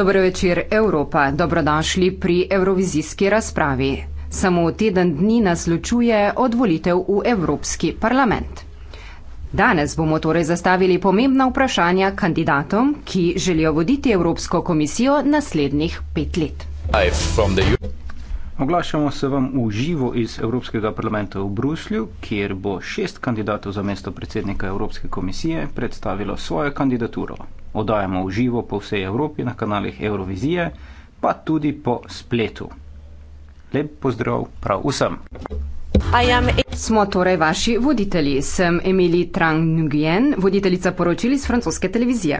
Dobro večer, Evropa. Dobrodošli pri Eurovizijski razpravi. Samo teden dni nas ločuje od volitev v Evropski parlament. Danes bomo torej zastavili pomembna vprašanja kandidatom, ki želijo voditi Evropsko komisijo naslednjih pet let. Oglašamo se vam v živo iz Evropskega parlamenta v Bruslju, kjer bo šest kandidatov za mesto predsednika Evropske komisije predstavilo svojo kandidaturo oddajamo v živo po vsej Evropi na kanalih Eurovizije, pa tudi po spletu. Lep pozdrav prav vsem! Am... E- Smo torej vaši voditelji. Sem Emilij Trang Nguyen, voditeljica poročil iz francoske televizije.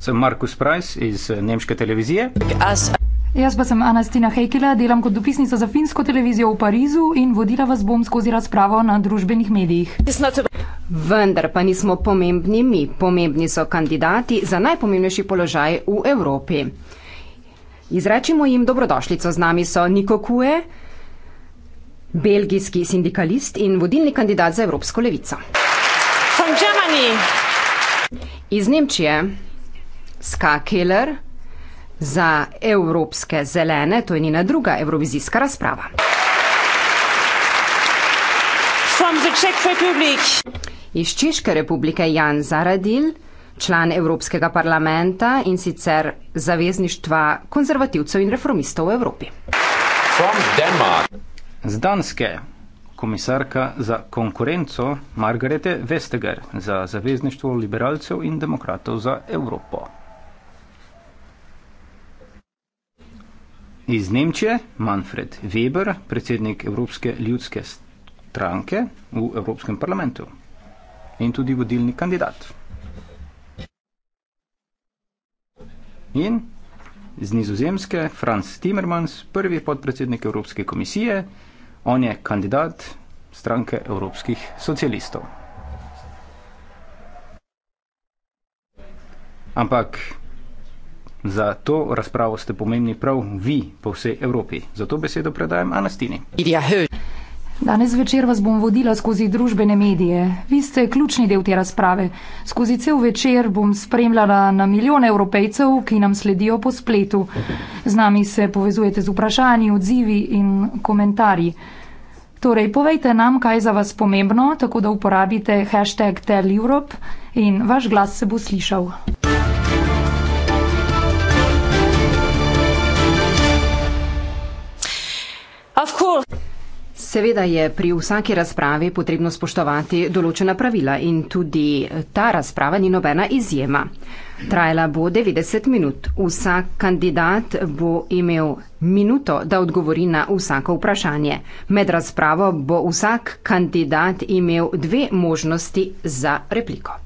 Sem Markus Preiss iz eh, nemške televizije. As... Jaz pa sem Anastina Hekela, delam kot dopisnica za finsko televizijo v Parizu in vodila vas bom skozi razpravo na družbenih medijih. Vendar pa nismo pomembni mi, pomembni so kandidati za najpomembnejši položaj v Evropi. Izrečimo jim dobrodošlico, z nami so Niko Kue, belgijski sindikalist in vodilni kandidat za Evropsko levico. Iz Nemčije, Ska Keller. Za Evropske zelene to je njena druga evrovizijska razprava. Iz Češke republike Jan Zaradil, član Evropskega parlamenta in sicer zavezništva konzervativcev in reformistov v Evropi. Z Danske, komisarka za konkurenco Margarete Vestager za zavezništvo liberalcev in demokratov za Evropo. iz Nemčije, Manfred Weber, predsednik Evropske ljudske stranke v Evropskem parlamentu in tudi vodilni kandidat. In z nizozemske Franz Timmermans, prvi podpredsednik Evropske komisije, on je kandidat stranke Evropskih socialistov. Ampak Za to razpravo ste pomembni prav vi po vsej Evropi. Zato besedo predajam Anastini. Danes večer vas bom vodila skozi družbene medije. Vi ste ključni del te razprave. Skozi cel večer bom spremljala na milijone evropejcev, ki nam sledijo po spletu. Z nami se povezujete z vprašanji, odzivi in komentarji. Torej, povejte nam, kaj je za vas pomembno, tako da uporabite hashtag TellEurope in vaš glas se bo slišal. Seveda je pri vsaki razpravi potrebno spoštovati določena pravila in tudi ta razprava ni nobena izjema. Trajala bo 90 minut. Vsak kandidat bo imel minuto, da odgovori na vsako vprašanje. Med razpravo bo vsak kandidat imel dve možnosti za repliko.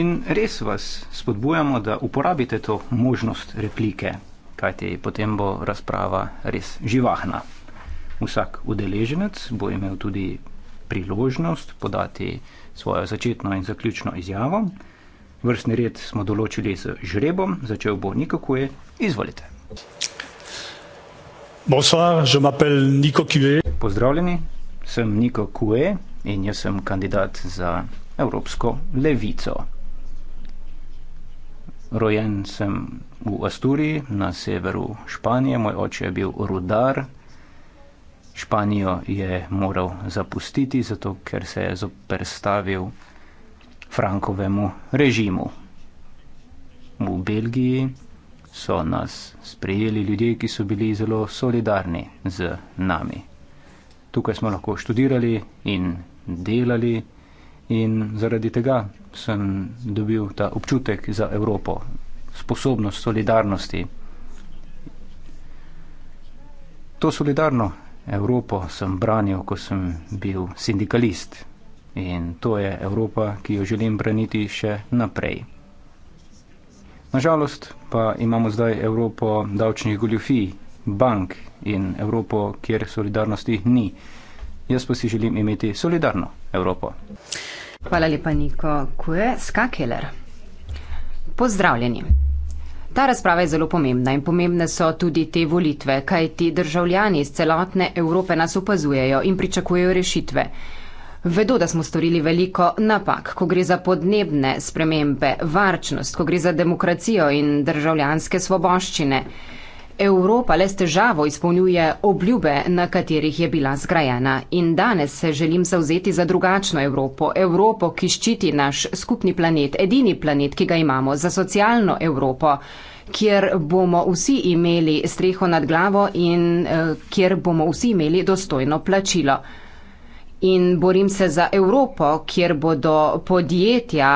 In res vas spodbujamo, da uporabite to možnost replike kajti potem bo razprava res živahna. Vsak udeleženec bo imel tudi priložnost podati svojo začetno in zaključno izjavo. Vrstni red smo določili z žrebom, začel bo Niko Kue. Izvolite. Bonsoir, Pozdravljeni, sem Niko Kue in jaz sem kandidat za Evropsko levico. Rojen sem v Asturiji na severu Španije. Moj oče je bil rudar. Španijo je moral zapustiti, zato ker se je zoprstavil Frankovemu režimu. V Belgiji so nas sprejeli ljudje, ki so bili zelo solidarni z nami. Tukaj smo lahko študirali in delali in zaradi tega sem dobil ta občutek za Evropo, sposobnost solidarnosti. To solidarno Evropo sem branil, ko sem bil sindikalist in to je Evropa, ki jo želim braniti še naprej. Nažalost pa imamo zdaj Evropo davčnih goljufij, bank in Evropo, kjer solidarnosti ni. Jaz pa si želim imeti solidarno Evropo. Hvala lepa, Niko. Kuje Skakeler. Pozdravljeni. Ta razprava je zelo pomembna in pomembne so tudi te volitve, kaj ti državljani iz celotne Evrope nas opazujejo in pričakujejo rešitve. Vedo, da smo storili veliko napak, ko gre za podnebne spremembe, varčnost, ko gre za demokracijo in državljanske svoboščine. Evropa le s težavo izpolnjuje obljube, na katerih je bila zgrajena. In danes se želim zauzeti za drugačno Evropo. Evropo, ki ščiti naš skupni planet, edini planet, ki ga imamo, za socialno Evropo, kjer bomo vsi imeli streho nad glavo in eh, kjer bomo vsi imeli dostojno plačilo. In borim se za Evropo, kjer bodo podjetja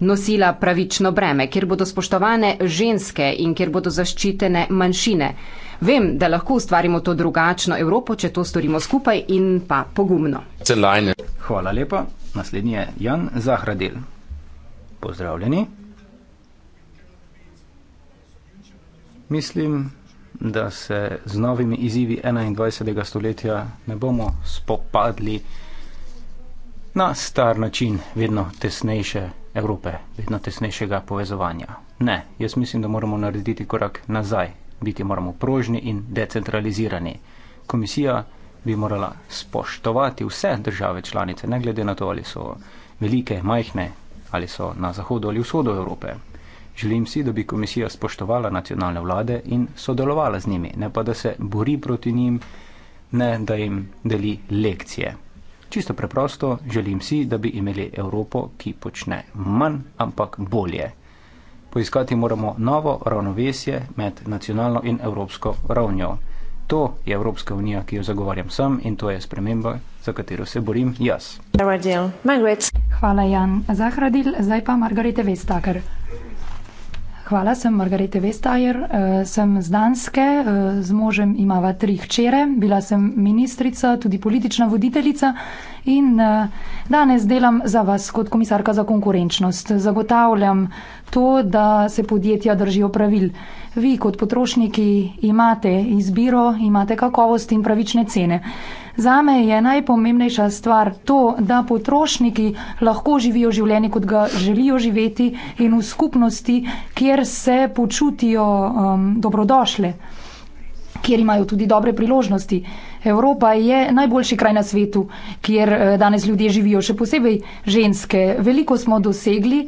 nosila pravično breme, kjer bodo spoštovane ženske in kjer bodo zaščitene manjšine. Vem, da lahko ustvarimo to drugačno Evropo, če to storimo skupaj in pa pogumno. Celajne. Hvala lepa. Naslednji je Jan Zahradil. Pozdravljeni. Mislim, da se z novimi izzivi 21. stoletja ne bomo spopadli na star način, vedno tesnejše Evrope, vedno tesnejšega povezovanja. Ne, jaz mislim, da moramo narediti korak nazaj, biti moramo prožni in decentralizirani. Komisija bi morala spoštovati vse države članice, ne glede na to, ali so velike, majhne, ali so na zahodu ali vzhodu Evrope. Želim si, da bi komisija spoštovala nacionalne vlade in sodelovala z njimi, ne pa da se bori proti njim, ne da jim deli lekcije. Čisto preprosto, želim si, da bi imeli Evropo, ki počne manj, ampak bolje. Poiskati moramo novo ravnovesje med nacionalno in evropsko ravnjo. To je Evropska unija, ki jo zagovarjam sam in to je sprememba, za katero se borim jaz. Hvala, Jan Zahradil, zdaj pa Margarete Vestaker. Hvala, sem Margarete Vestajer, eh, sem z Danske, eh, z možem imava tri hčere, bila sem ministrica, tudi politična voditeljica in eh, danes delam za vas kot komisarka za konkurenčnost. Zagotavljam to, da se podjetja držijo pravil. Vi kot potrošniki imate izbiro, imate kakovost in pravične cene. Zame je najpomembnejša stvar to, da potrošniki lahko živijo življenje, kot ga želijo živeti in v skupnosti, kjer se počutijo um, dobrodošle, kjer imajo tudi dobre priložnosti. Evropa je najboljši kraj na svetu, kjer eh, danes ljudje živijo, še posebej ženske. Veliko smo dosegli,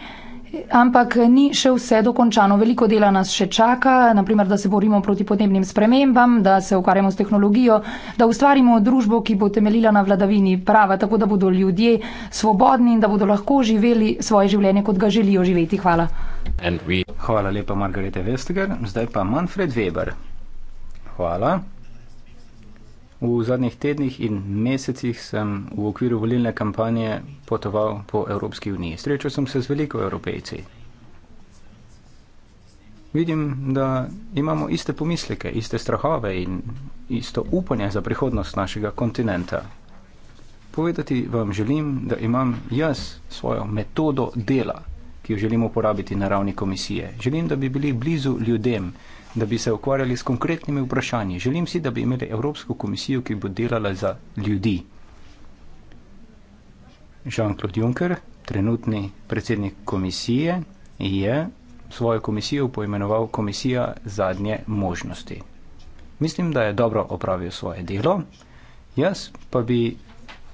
Ampak ni še vse dokončano. Veliko dela nas še čaka, naprimer, da se borimo proti podnebnim spremembam, da se ukvarjamo s tehnologijo, da ustvarimo družbo, ki bo temeljila na vladavini prava, tako da bodo ljudje svobodni in da bodo lahko živeli svoje življenje, kot ga želijo živeti. Hvala. Hvala lepa, Margarete Vestiger. Zdaj pa Manfred Weber. Hvala. V zadnjih tednih in mesecih sem v okviru volilne kampanje potoval po Evropski uniji. Srečal sem se z veliko evropejci. Vidim, da imamo iste pomisleke, iste strahove in isto upanje za prihodnost našega kontinenta. Povedati vam želim, da imam jaz svojo metodo dela, ki jo želim uporabiti na ravni komisije. Želim, da bi bili blizu ljudem da bi se ukvarjali s konkretnimi vprašanji. Želim si, da bi imeli Evropsko komisijo, ki bo delala za ljudi. Jean-Claude Juncker, trenutni predsednik komisije, je svojo komisijo poimenoval Komisija zadnje možnosti. Mislim, da je dobro opravil svoje delo. Jaz pa bi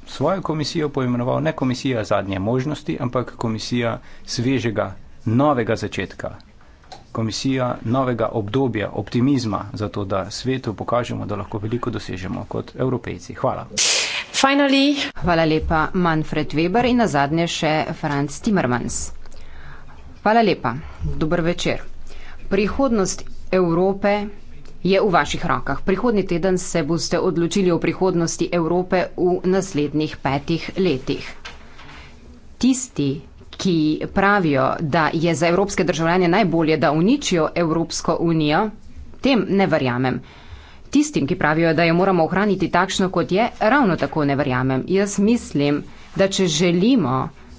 svojo komisijo poimenoval ne Komisija zadnje možnosti, ampak Komisija svežega, novega začetka, komisija novega obdobja optimizma za to, da svetu pokažemo, da lahko veliko dosežemo kot evropejci. Hvala. Finally. Hvala lepa Manfred Weber in na zadnje še Franz Timmermans. Hvala lepa. Dobr večer. Prihodnost Evrope je v vaših rokah. Prihodni teden se boste odločili o prihodnosti Evrope v naslednjih petih letih. Tisti, ki pravijo, da je za evropske državljane najbolje, da uničijo Evropsko unijo, tem ne verjamem. Tistim, ki pravijo, da jo moramo ohraniti takšno, kot je, ravno tako ne verjamem. Jaz mislim, da če želimo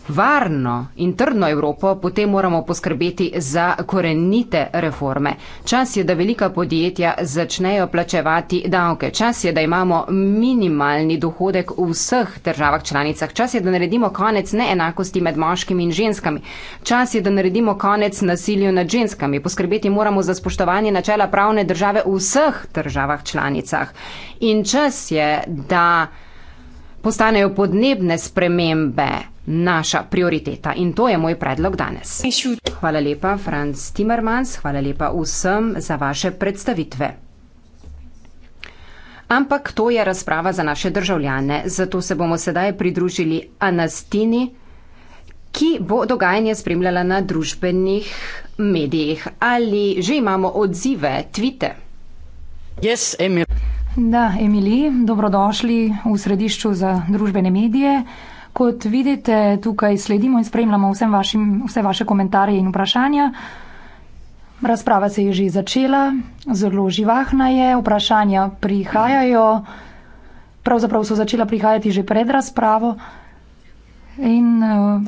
varno in trdno Evropo, potem moramo poskrbeti za korenite reforme. Čas je, da velika podjetja začnejo plačevati davke. Čas je, da imamo minimalni dohodek v vseh državah članicah. Čas je, da naredimo konec neenakosti med moškimi in ženskami. Čas je, da naredimo konec nasilju nad ženskami. Poskrbeti moramo za spoštovanje načela pravne države v vseh državah članicah. In čas je, da postanejo podnebne spremembe naša prioriteta. In to je moj predlog danes. Hvala lepa, Franz Timmermans, hvala lepa vsem za vaše predstavitve. Ampak to je razprava za naše državljane, zato se bomo sedaj pridružili Anastini, ki bo dogajanje spremljala na družbenih medijih. Ali že imamo odzive, tvite? Yes, Emil. Da, Emili, dobrodošli v središču za družbene medije. Kot vidite, tukaj sledimo in spremljamo vašim, vse vaše komentarje in vprašanja. Razprava se je že začela, zelo živahna je, vprašanja prihajajo, pravzaprav so začela prihajati že pred razpravo. In uh,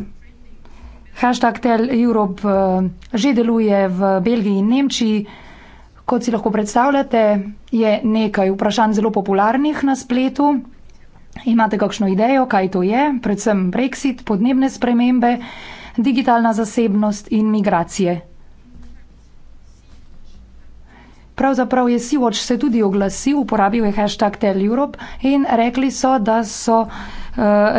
hashtag Tel Europe uh, že deluje v Belgiji in Nemčiji. Kot si lahko predstavljate, je nekaj vprašanj zelo popularnih na spletu. Imate kakšno idejo, kaj to je, predvsem Brexit, podnebne spremembe, digitalna zasebnost in migracije. Pravzaprav je Sivoč se tudi oglasil, uporabil je hashtag TellEurope in rekli so, da so uh,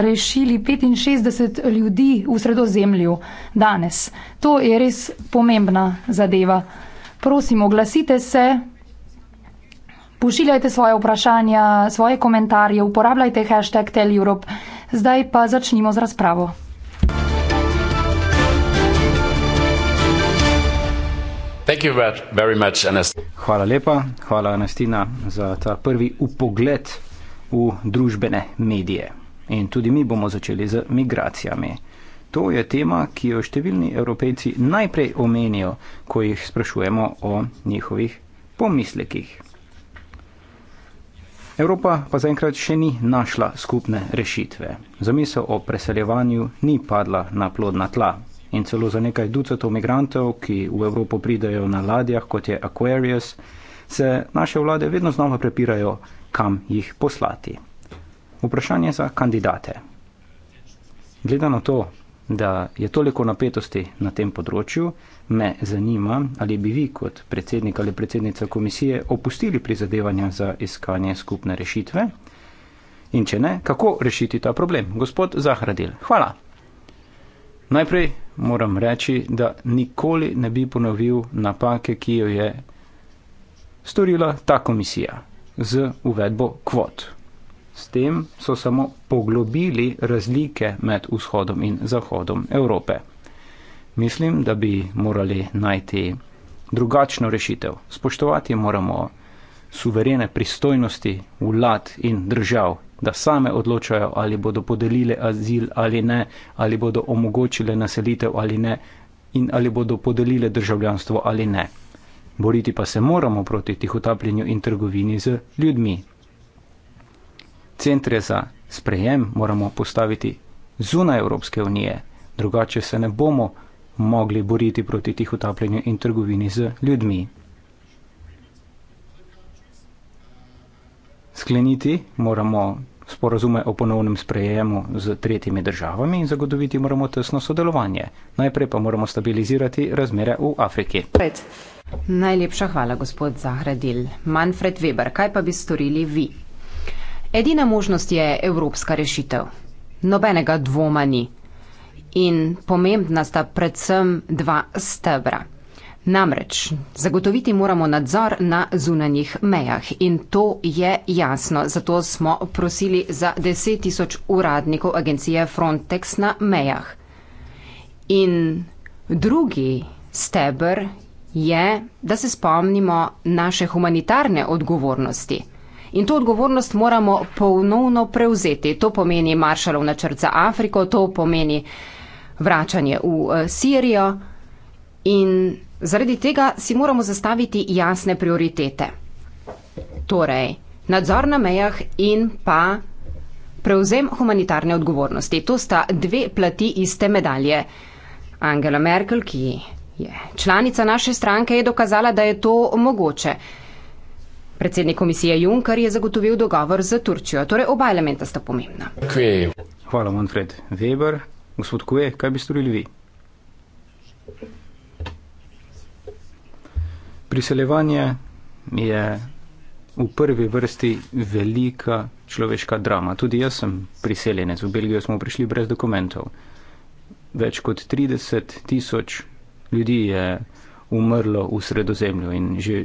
rešili 65 ljudi v sredozemlju danes. To je res pomembna zadeva prosim, oglasite se, pošiljajte svoje vprašanja, svoje komentarje, uporabljajte hashtag TelEurope. Zdaj pa začnimo z razpravo. Much, hvala lepa, hvala Anastina za ta prvi upogled v družbene medije. In tudi mi bomo začeli z migracijami. To je tema, ki jo številni evropejci najprej omenijo, ko jih sprašujemo o njihovih pomislekih. Evropa pa zaenkrat še ni našla skupne rešitve. Zamisel o preseljevanju ni padla na plodna tla. In celo za nekaj ducatov migrantov, ki v Evropo pridajo na ladjah, kot je Aquarius, se naše vlade vedno znova prepirajo, kam jih poslati. Vprašanje za kandidate. Glede na to, da je toliko napetosti na tem področju, me zanima, ali bi vi kot predsednik ali predsednica komisije opustili prizadevanja za iskanje skupne rešitve in če ne, kako rešiti ta problem. Gospod Zahradil, hvala. Najprej moram reči, da nikoli ne bi ponovil napake, ki jo je storila ta komisija z uvedbo kvot. S tem so samo poglobili razlike med vzhodom in zahodom Evrope. Mislim, da bi morali najti drugačno rešitev. Spoštovati moramo suverene pristojnosti vlad in držav, da same odločajo, ali bodo podelile azil ali ne, ali bodo omogočile naselitev ali ne in ali bodo podelile državljanstvo ali ne. Boriti pa se moramo proti tihotapljenju in trgovini z ljudmi, centre za sprejem moramo postaviti zunaj Evropske unije, drugače se ne bomo mogli boriti proti tih utapljanju in trgovini z ljudmi. Skleniti moramo sporozume o ponovnem sprejemu z tretjimi državami in zagotoviti moramo tesno sodelovanje. Najprej pa moramo stabilizirati razmere v Afriki. Pet. Najlepša hvala, gospod Zahradil. Manfred Weber, kaj pa bi storili vi? Edina možnost je evropska rešitev. Nobenega dvoma ni. In pomembna sta predvsem dva stebra. Namreč, zagotoviti moramo nadzor na zunanjih mejah in to je jasno, zato smo prosili za 10 tisoč uradnikov agencije Frontex na mejah. In drugi stebr je, da se spomnimo naše humanitarne odgovornosti in to odgovornost moramo ponovno prevzeti. To pomeni maršalov načrt za Afriko, to pomeni vračanje v eh, Sirijo in zaradi tega si moramo zastaviti jasne prioritete. Torej, nadzor na mejah in pa prevzem humanitarne odgovornosti. To sta dve plati iste medalje. Angela Merkel, ki je članica naše stranke, je dokazala, da je to mogoče. Predsednik komisije Juncker je zagotovil dogovor z Turčijo, torej oba elementa sta pomembna. Hvala, Manfred Weber. Gospod Kue, kaj bi storili vi? Priseljevanje je v prvi vrsti velika človeška drama. Tudi jaz sem priseljenec. V Belgijo smo prišli brez dokumentov. Več kot 30 tisoč ljudi je umrlo v sredozemlju in že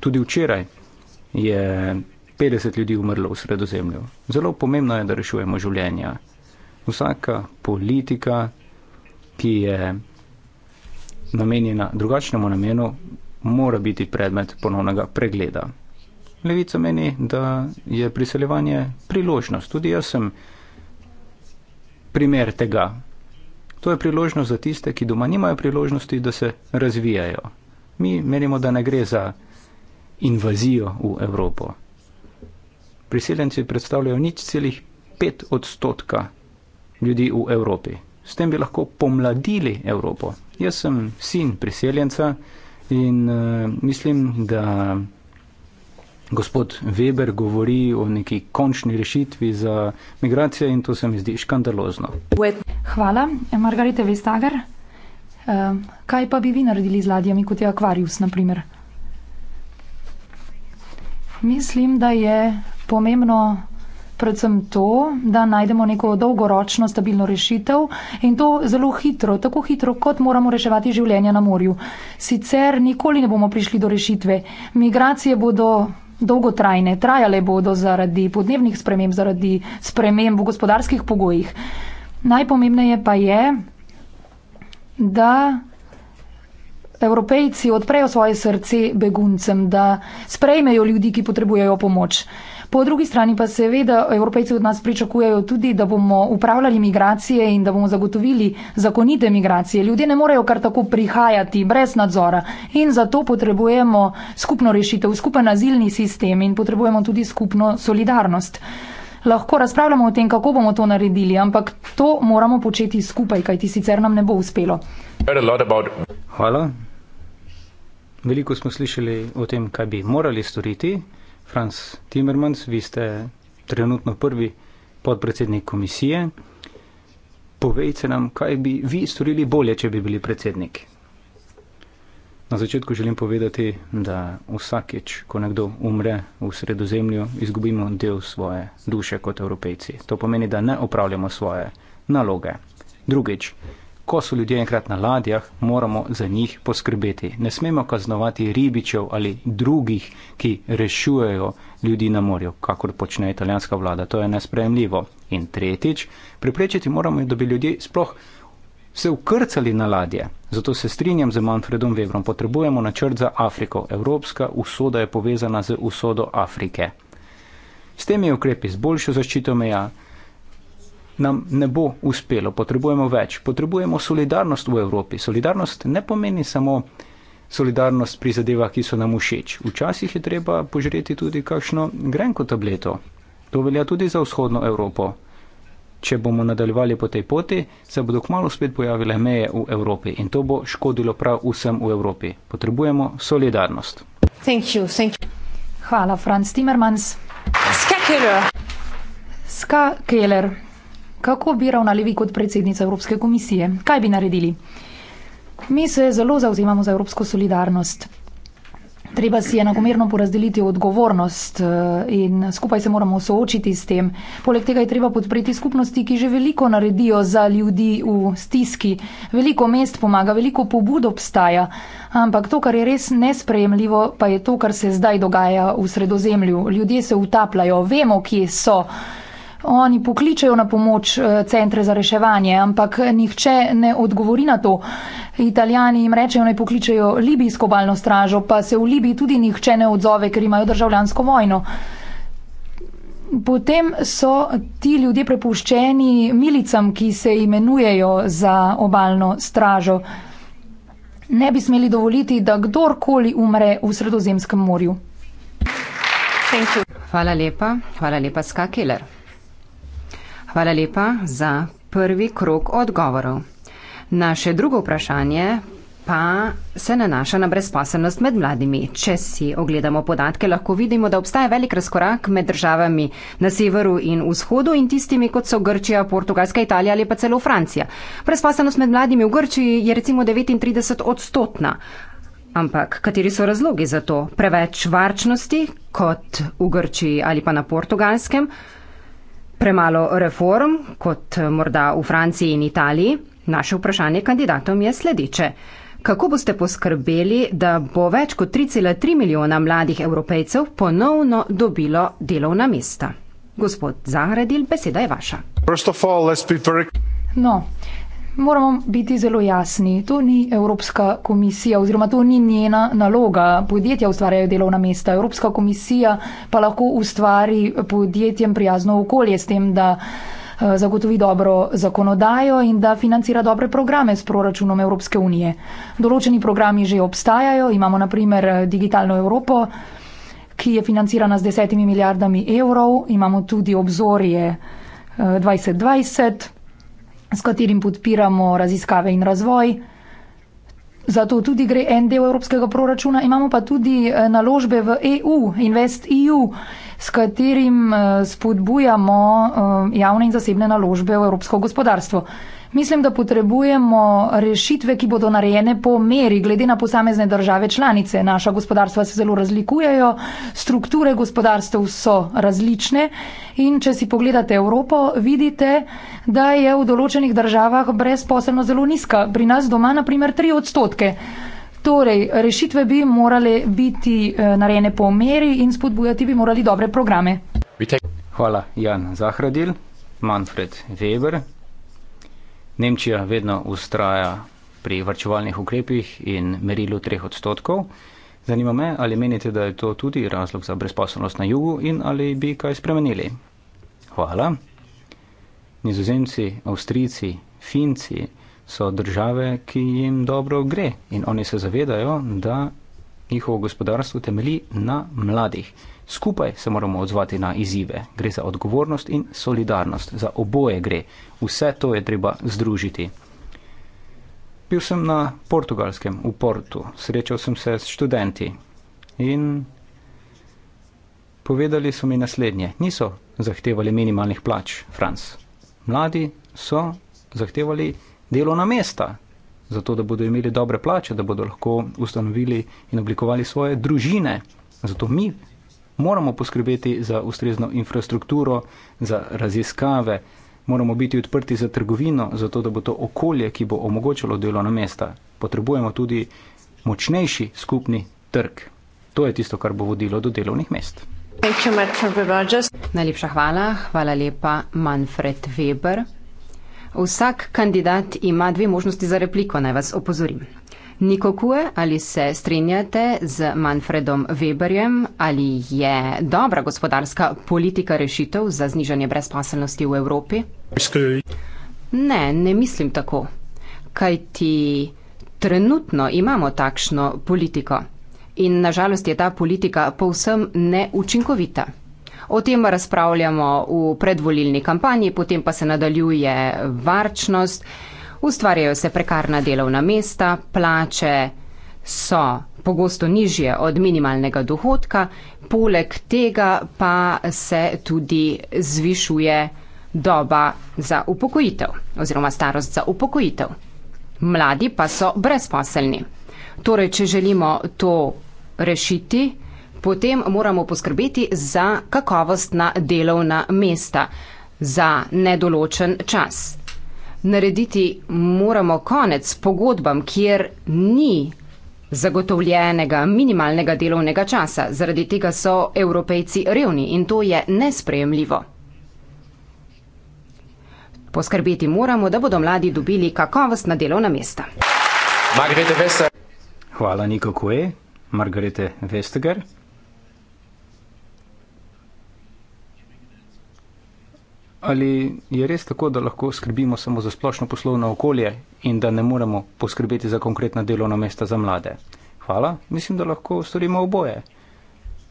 tudi včeraj je 50 ljudi umrlo v sredozemlju. Zelo pomembno je, da rešujemo življenja. Vsaka politika, ki je namenjena drugačnemu namenu, mora biti predmet ponovnega pregleda. Levica meni, da je priseljevanje priložnost. Tudi jaz sem primer tega. To je priložnost za tiste, ki doma nimajo priložnosti, da se razvijajo. Mi menimo, da ne gre za invazijo v Evropo. Priseljenci predstavljajo nič celih pet odstotka ljudi v Evropi. S tem bi lahko pomladili Evropo. Jaz sem sin priseljenca in uh, mislim, da gospod Weber govori o neki končni rešitvi za migracije in to se mi zdi škandalozno. Hvala, Margarita Vestager. Uh, kaj pa bi vi naredili z ladjami kot je Aquarius, naprimer? Mislim, da je pomembno predvsem to, da najdemo neko dolgoročno stabilno rešitev in to zelo hitro, tako hitro, kot moramo reševati življenja na morju. Sicer nikoli ne bomo prišli do rešitve. Migracije bodo dolgotrajne, trajale bodo zaradi podnebnih sprememb, zaradi sprememb v gospodarskih pogojih. Najpomembneje pa je, da evropejci odprejo svoje srce beguncem, da sprejmejo ljudi, ki potrebujejo pomoč. Po drugi strani pa seveda evropejci od nas pričakujejo tudi, da bomo upravljali migracije in da bomo zagotovili zakonite migracije. Ljudje ne morejo kar tako prihajati brez nadzora in zato potrebujemo skupno rešitev, skupen nazilni sistem in potrebujemo tudi skupno solidarnost. Lahko razpravljamo o tem, kako bomo to naredili, ampak to moramo početi skupaj, kajti sicer nam ne bo uspelo. Hvala. Veliko smo slišali o tem, kaj bi morali storiti. Franz Timmermans, vi ste trenutno prvi podpredsednik komisije. Povejte nam, kaj bi vi storili bolje, če bi bili predsednik. Na začetku želim povedati, da vsakeč, ko nekdo umre v sredozemlju, izgubimo del svoje duše kot evropejci. To pomeni, da ne opravljamo svoje naloge. Drugič, ko so ljudje enkrat na ladjah, moramo za njih poskrbeti. Ne smemo kaznovati ribičev ali drugih, ki rešujejo ljudi na morju, kakor počne italijanska vlada. To je nespremljivo. In tretjič, preprečiti moramo, da bi ljudje sploh se ukrcali na ladje. Zato se strinjam z Manfredom Webrom. Potrebujemo načrt za Afriko. Evropska usoda je povezana z usodo Afrike. S temi ukrepi zboljšajo zaščito meja nam ne bo uspelo. Potrebujemo več. Potrebujemo solidarnost v Evropi. Solidarnost ne pomeni samo solidarnost pri zadevah, ki so nam všeč. Včasih je treba požreti tudi kakšno grenko tableto. To velja tudi za vzhodno Evropo. Če bomo nadaljevali po tej poti, se bodo kmalo spet pojavile meje v Evropi in to bo škodilo prav vsem v Evropi. Potrebujemo solidarnost. Thank you, thank you. Hvala, Franz Timmermans. Skakeler. Skakeler kako bi ravnali vi kot predsednica Evropske komisije? Kaj bi naredili? Mi se zelo zauzemamo za evropsko solidarnost. Treba si enakomerno porazdeliti odgovornost eh, in skupaj se moramo soočiti s tem. Poleg tega je treba podpreti skupnosti, ki že veliko naredijo za ljudi v stiski. Veliko mest pomaga, veliko pobud obstaja. Ampak to, kar je res nesprejemljivo, pa je to, kar se zdaj dogaja v sredozemlju. Ljudje se utapljajo, vemo, kje so oni pokličejo na pomoč eh, centre za reševanje, ampak nihče ne odgovori na to. Italijani jim rečejo, naj pokličejo libijsko obalno stražo, pa se v Libiji tudi nihče ne odzove, ker imajo državljansko vojno. Potem so ti ljudje prepuščeni milicam, ki se imenujejo za obalno stražo. Ne bi smeli dovoliti, da kdorkoli umre v Sredozemskem morju. Hvala lepa, hvala lepa, Skakeler. Hvala lepa za prvi krok odgovorov. Naše drugo vprašanje pa se nanaša na brezposelnost med mladimi. Če si ogledamo podatke, lahko vidimo, da obstaja velik razkorak med državami na severu in vzhodu in tistimi, kot so Grčija, Portugalska, Italija ali pa celo Francija. Brezposelnost med mladimi v Grčiji je recimo 39 odstotna. Ampak kateri so razlogi za to? Preveč varčnosti kot v Grčiji ali pa na Portugalskem? premalo reform, kot eh, morda v Franciji in Italiji? Naše vprašanje kandidatom je sledeče. Kako boste poskrbeli, da bo več kot 3,3 milijona mladih evropejcev ponovno dobilo delovna mesta? Gospod Zahradil, beseda je vaša. No, moramo biti zelo jasni. To ni Evropska komisija oziroma to ni njena naloga. Podjetja ustvarjajo delovna mesta. Evropska komisija pa lahko ustvari podjetjem prijazno okolje s tem, da eh, zagotovi dobro zakonodajo in da financira dobre programe s proračunom Evropske unije. Določeni programi že obstajajo, imamo naprimer digitalno Evropo, ki je financirana z desetimi milijardami evrov, imamo tudi obzorje 2020, eh, s katerim podpiramo raziskave in razvoj. Zato tudi gre en del evropskega proračuna, imamo pa tudi eh, naložbe v EU, Invest EU, s katerim eh, spodbujamo eh, javne in zasebne naložbe v evropsko gospodarstvo. Mislim, da potrebujemo rešitve, ki bodo narejene po meri, glede na posamezne države članice. Naša gospodarstva se zelo razlikujejo, strukture gospodarstv so različne in če si pogledate Evropo, vidite, da je v določenih državah brezposelno zelo nizka. Pri nas doma naprimer tri odstotke. Torej, rešitve bi morale biti eh, narejene po meri in spodbujati bi morali dobre programe. Hvala, Jan Zahradil, Manfred Weber. Nemčija vedno ustraja pri varčevalnih ukrepih in merilu treh odstotkov. Zanima me, ali menite, da je to tudi razlog za brezposobnost na jugu in ali bi kaj spremenili. Hvala. Nizozemci, Avstrijci, Finci so države, ki jim dobro gre in oni se zavedajo, da njihovo gospodarstvo temelji na mladih. Skupaj se moramo odzvati na izzive. Gre za odgovornost in solidarnost. Za oboje gre. Vse to je treba združiti. Bil sem na portugalskem v portu, srečal sem se s študenti in povedali so mi naslednje. Niso zahtevali minimalnih plač, Franc. Mladi so zahtevali delovna mesta, zato da bodo imeli dobre plače, da bodo lahko ustanovili in oblikovali svoje družine. Zato mi moramo poskrbeti za ustrezno infrastrukturo, za raziskave, moramo biti odprti za trgovino, zato da bo to okolje, ki bo omogočalo delo na mesta. Potrebujemo tudi močnejši skupni trg. To je tisto, kar bo vodilo do delovnih mest. Najlepša hvala, hvala lepa Manfred Weber. Vsak kandidat ima dve možnosti za repliko, naj vas opozorim. Niko Kue, ali se strinjate z Manfredom Weberjem, ali je dobra gospodarska politika rešitev za znižanje brezposelnosti v Evropi? Ne, ne mislim tako. Kaj ti trenutno imamo takšno politiko? In nažalost je ta politika povsem neučinkovita. O tem razpravljamo v predvolilni kampanji, potem pa se nadaljuje varčnost, ustvarjajo se prekarna delovna mesta, plače so pogosto nižje od minimalnega dohodka, poleg tega pa se tudi zvišuje doba za upokojitev oziroma starost za upokojitev. Mladi pa so brezposelni. Torej, če želimo to rešiti, Potem moramo poskrbeti za kakovostna delovna mesta za nedoločen čas. Narediti moramo konec pogodbam, kjer ni zagotovljenega minimalnega delovnega časa. Zaradi tega so evropejci revni in to je nesprejemljivo. Poskrbeti moramo, da bodo mladi dobili kakovostna delovna mesta. Margarete Vester. Hvala, Niko Kue. Margarete Vestager. Ali je res tako, da lahko skrbimo samo za splošno poslovno okolje in da ne moremo poskrbeti za konkretna delovna mesta za mlade? Hvala, mislim, da lahko storimo oboje.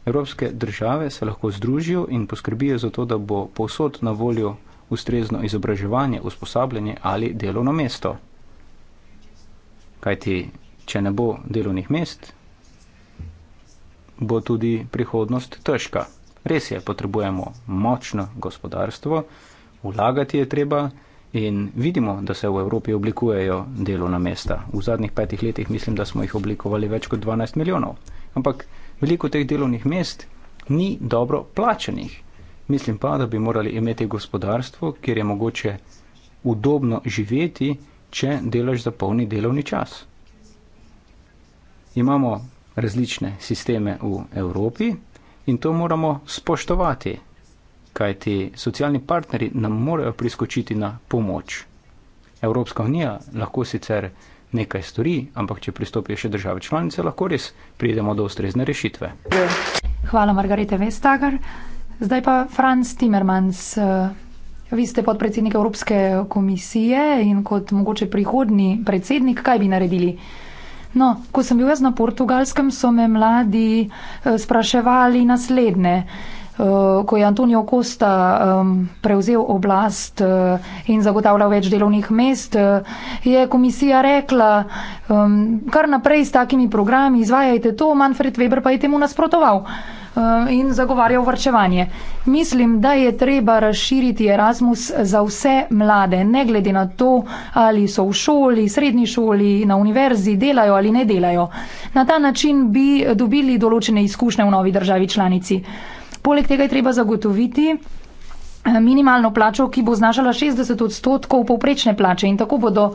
Evropske države se lahko združijo in poskrbijo za to, da bo povsod na voljo ustrezno izobraževanje, usposabljanje ali delovno mesto. Kajti, če ne bo delovnih mest, bo tudi prihodnost težka. Res je, potrebujemo močno gospodarstvo, vlagati je treba in vidimo, da se v Evropi oblikujejo delovna mesta. V zadnjih petih letih mislim, da smo jih oblikovali več kot 12 milijonov. Ampak veliko teh delovnih mest ni dobro plačenih. Mislim pa, da bi morali imeti gospodarstvo, kjer je mogoče udobno živeti, če delaš za polni delovni čas. Imamo različne sisteme v Evropi, In to moramo spoštovati, kajti socialni partneri nam morajo priskočiti na pomoč. Evropska unija lahko sicer nekaj stori, ampak če pristopijo še države članice, lahko res pridemo do ustrezne rešitve. Hvala, Margarete Vestager. Zdaj pa Franz Timmermans. Eh, vi ste podpredsednik Evropske komisije in kot mogoče prihodni predsednik, kaj bi naredili? No, ko sem bil jaz na portugalskem, so me mladi eh, spraševali naslednje. Eh, ko je Antonijo Kosta um, prevzel oblast uh, in zagotavljal več delovnih mest, uh, je komisija rekla, um, kar naprej s takimi programi izvajajte to, Manfred Weber pa je temu nasprotoval. Uh, Um, in zagovarjal vrčevanje. Mislim, da je treba razširiti Erasmus za vse mlade, ne glede na to, ali so v šoli, srednji šoli, na univerzi, delajo ali ne delajo. Na ta način bi dobili določene izkušnje v novi državi članici. Poleg tega je treba zagotoviti eh, minimalno plačo, ki bo znašala 60 odstotkov povprečne plače in tako bodo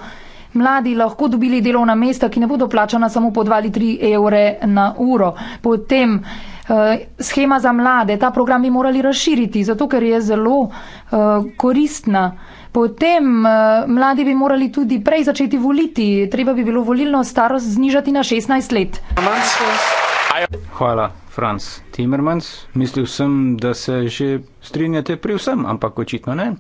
mladi lahko dobili delovna mesta, ki ne bodo plačana samo po 2 ali 3 evre na uro. Potem eh, schema za mlade, ta program bi morali razširiti, zato ker je zelo eh, koristna. Potem eh, mladi bi morali tudi prej začeti voliti, treba bi bilo volilno starost znižati na 16 let. Hvala. Franz Timmermans, mislil sem, da se že strinjate pri vsem, ampak očitno ne.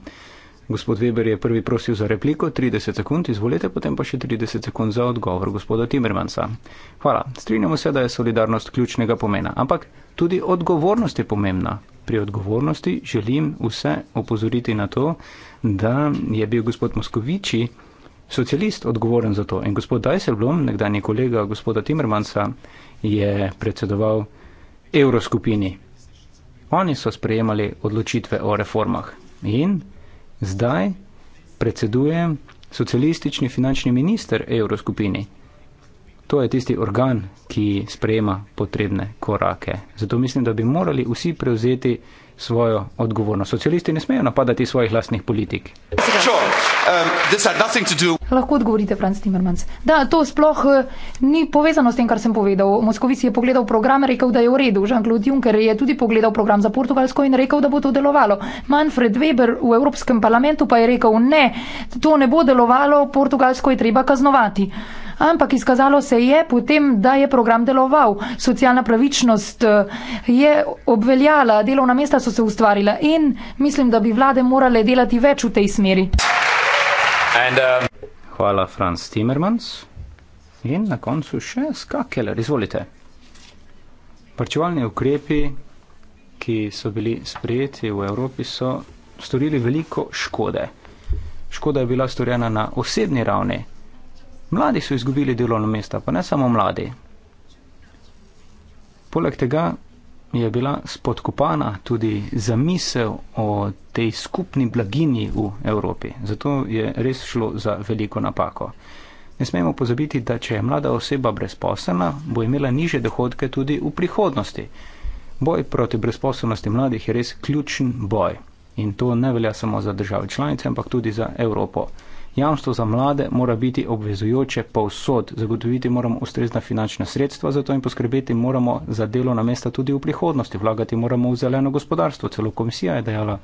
Gospod Weber je prvi prosil za repliko, 30 sekund izvolite, potem pa še 30 sekund za odgovor gospoda Timmermansa. Hvala. Strinjamo se, da je solidarnost ključnega pomena, ampak tudi odgovornost je pomembna. Pri odgovornosti želim vse opozoriti na to, da je bil gospod Moskoviči socialist odgovoren za to. In gospod Dajselblom, nekdanji kolega gospoda Timmermansa, je predsedoval evroskupini. Oni so sprejemali odločitve o reformah. In zdaj predseduje socialistični finančni minister Evroskupini. To je tisti organ, ki sprejema potrebne korake. Zato mislim, da bi morali vsi prevzeti svojo odgovornost. Socialisti ne smejo napadati svojih lastnih politik. Um, Lahko odgovorite, Franz Timmermans. Da, to sploh eh, ni povezano s tem, kar sem povedal. Moskovic je pogledal program, rekel, da je v redu. Jean-Claude Juncker je tudi pogledal program za Portugalsko in rekel, da bo to delovalo. Manfred Weber v Evropskem parlamentu pa je rekel, ne, to ne bo delovalo, Portugalsko je treba kaznovati ampak izkazalo se je potem, da je program deloval. Socialna pravičnost eh, je obveljala, delovna mesta so se ustvarila in mislim, da bi vlade morale delati več v tej smeri. And, um... Hvala, Franz Timmermans. In na koncu še Skakeler, izvolite. Parčevalni ukrepi, ki so bili sprejeti v Evropi, so storili veliko škode. Škoda je bila storjena na osebni ravni, Mladi so izgubili delovno mesta, pa ne samo mladi. Poleg tega je bila spodkopana tudi zamisel o tej skupni blaginji v Evropi. Zato je res šlo za veliko napako. Ne smemo pozabiti, da če je mlada oseba brezposelna, bo imela niže dohodke tudi v prihodnosti. Boj proti brezposelnosti mladih je res ključen boj. In to ne velja samo za države članice, ampak tudi za Evropo. Jamstvo za mlade mora biti obvezujoče povsod, zagotoviti moramo ustrezna finančna sredstva za to in poskrbeti moramo za delo na mesta tudi v prihodnosti. Vlagati moramo v zeleno gospodarstvo. Celo komisija je dejala,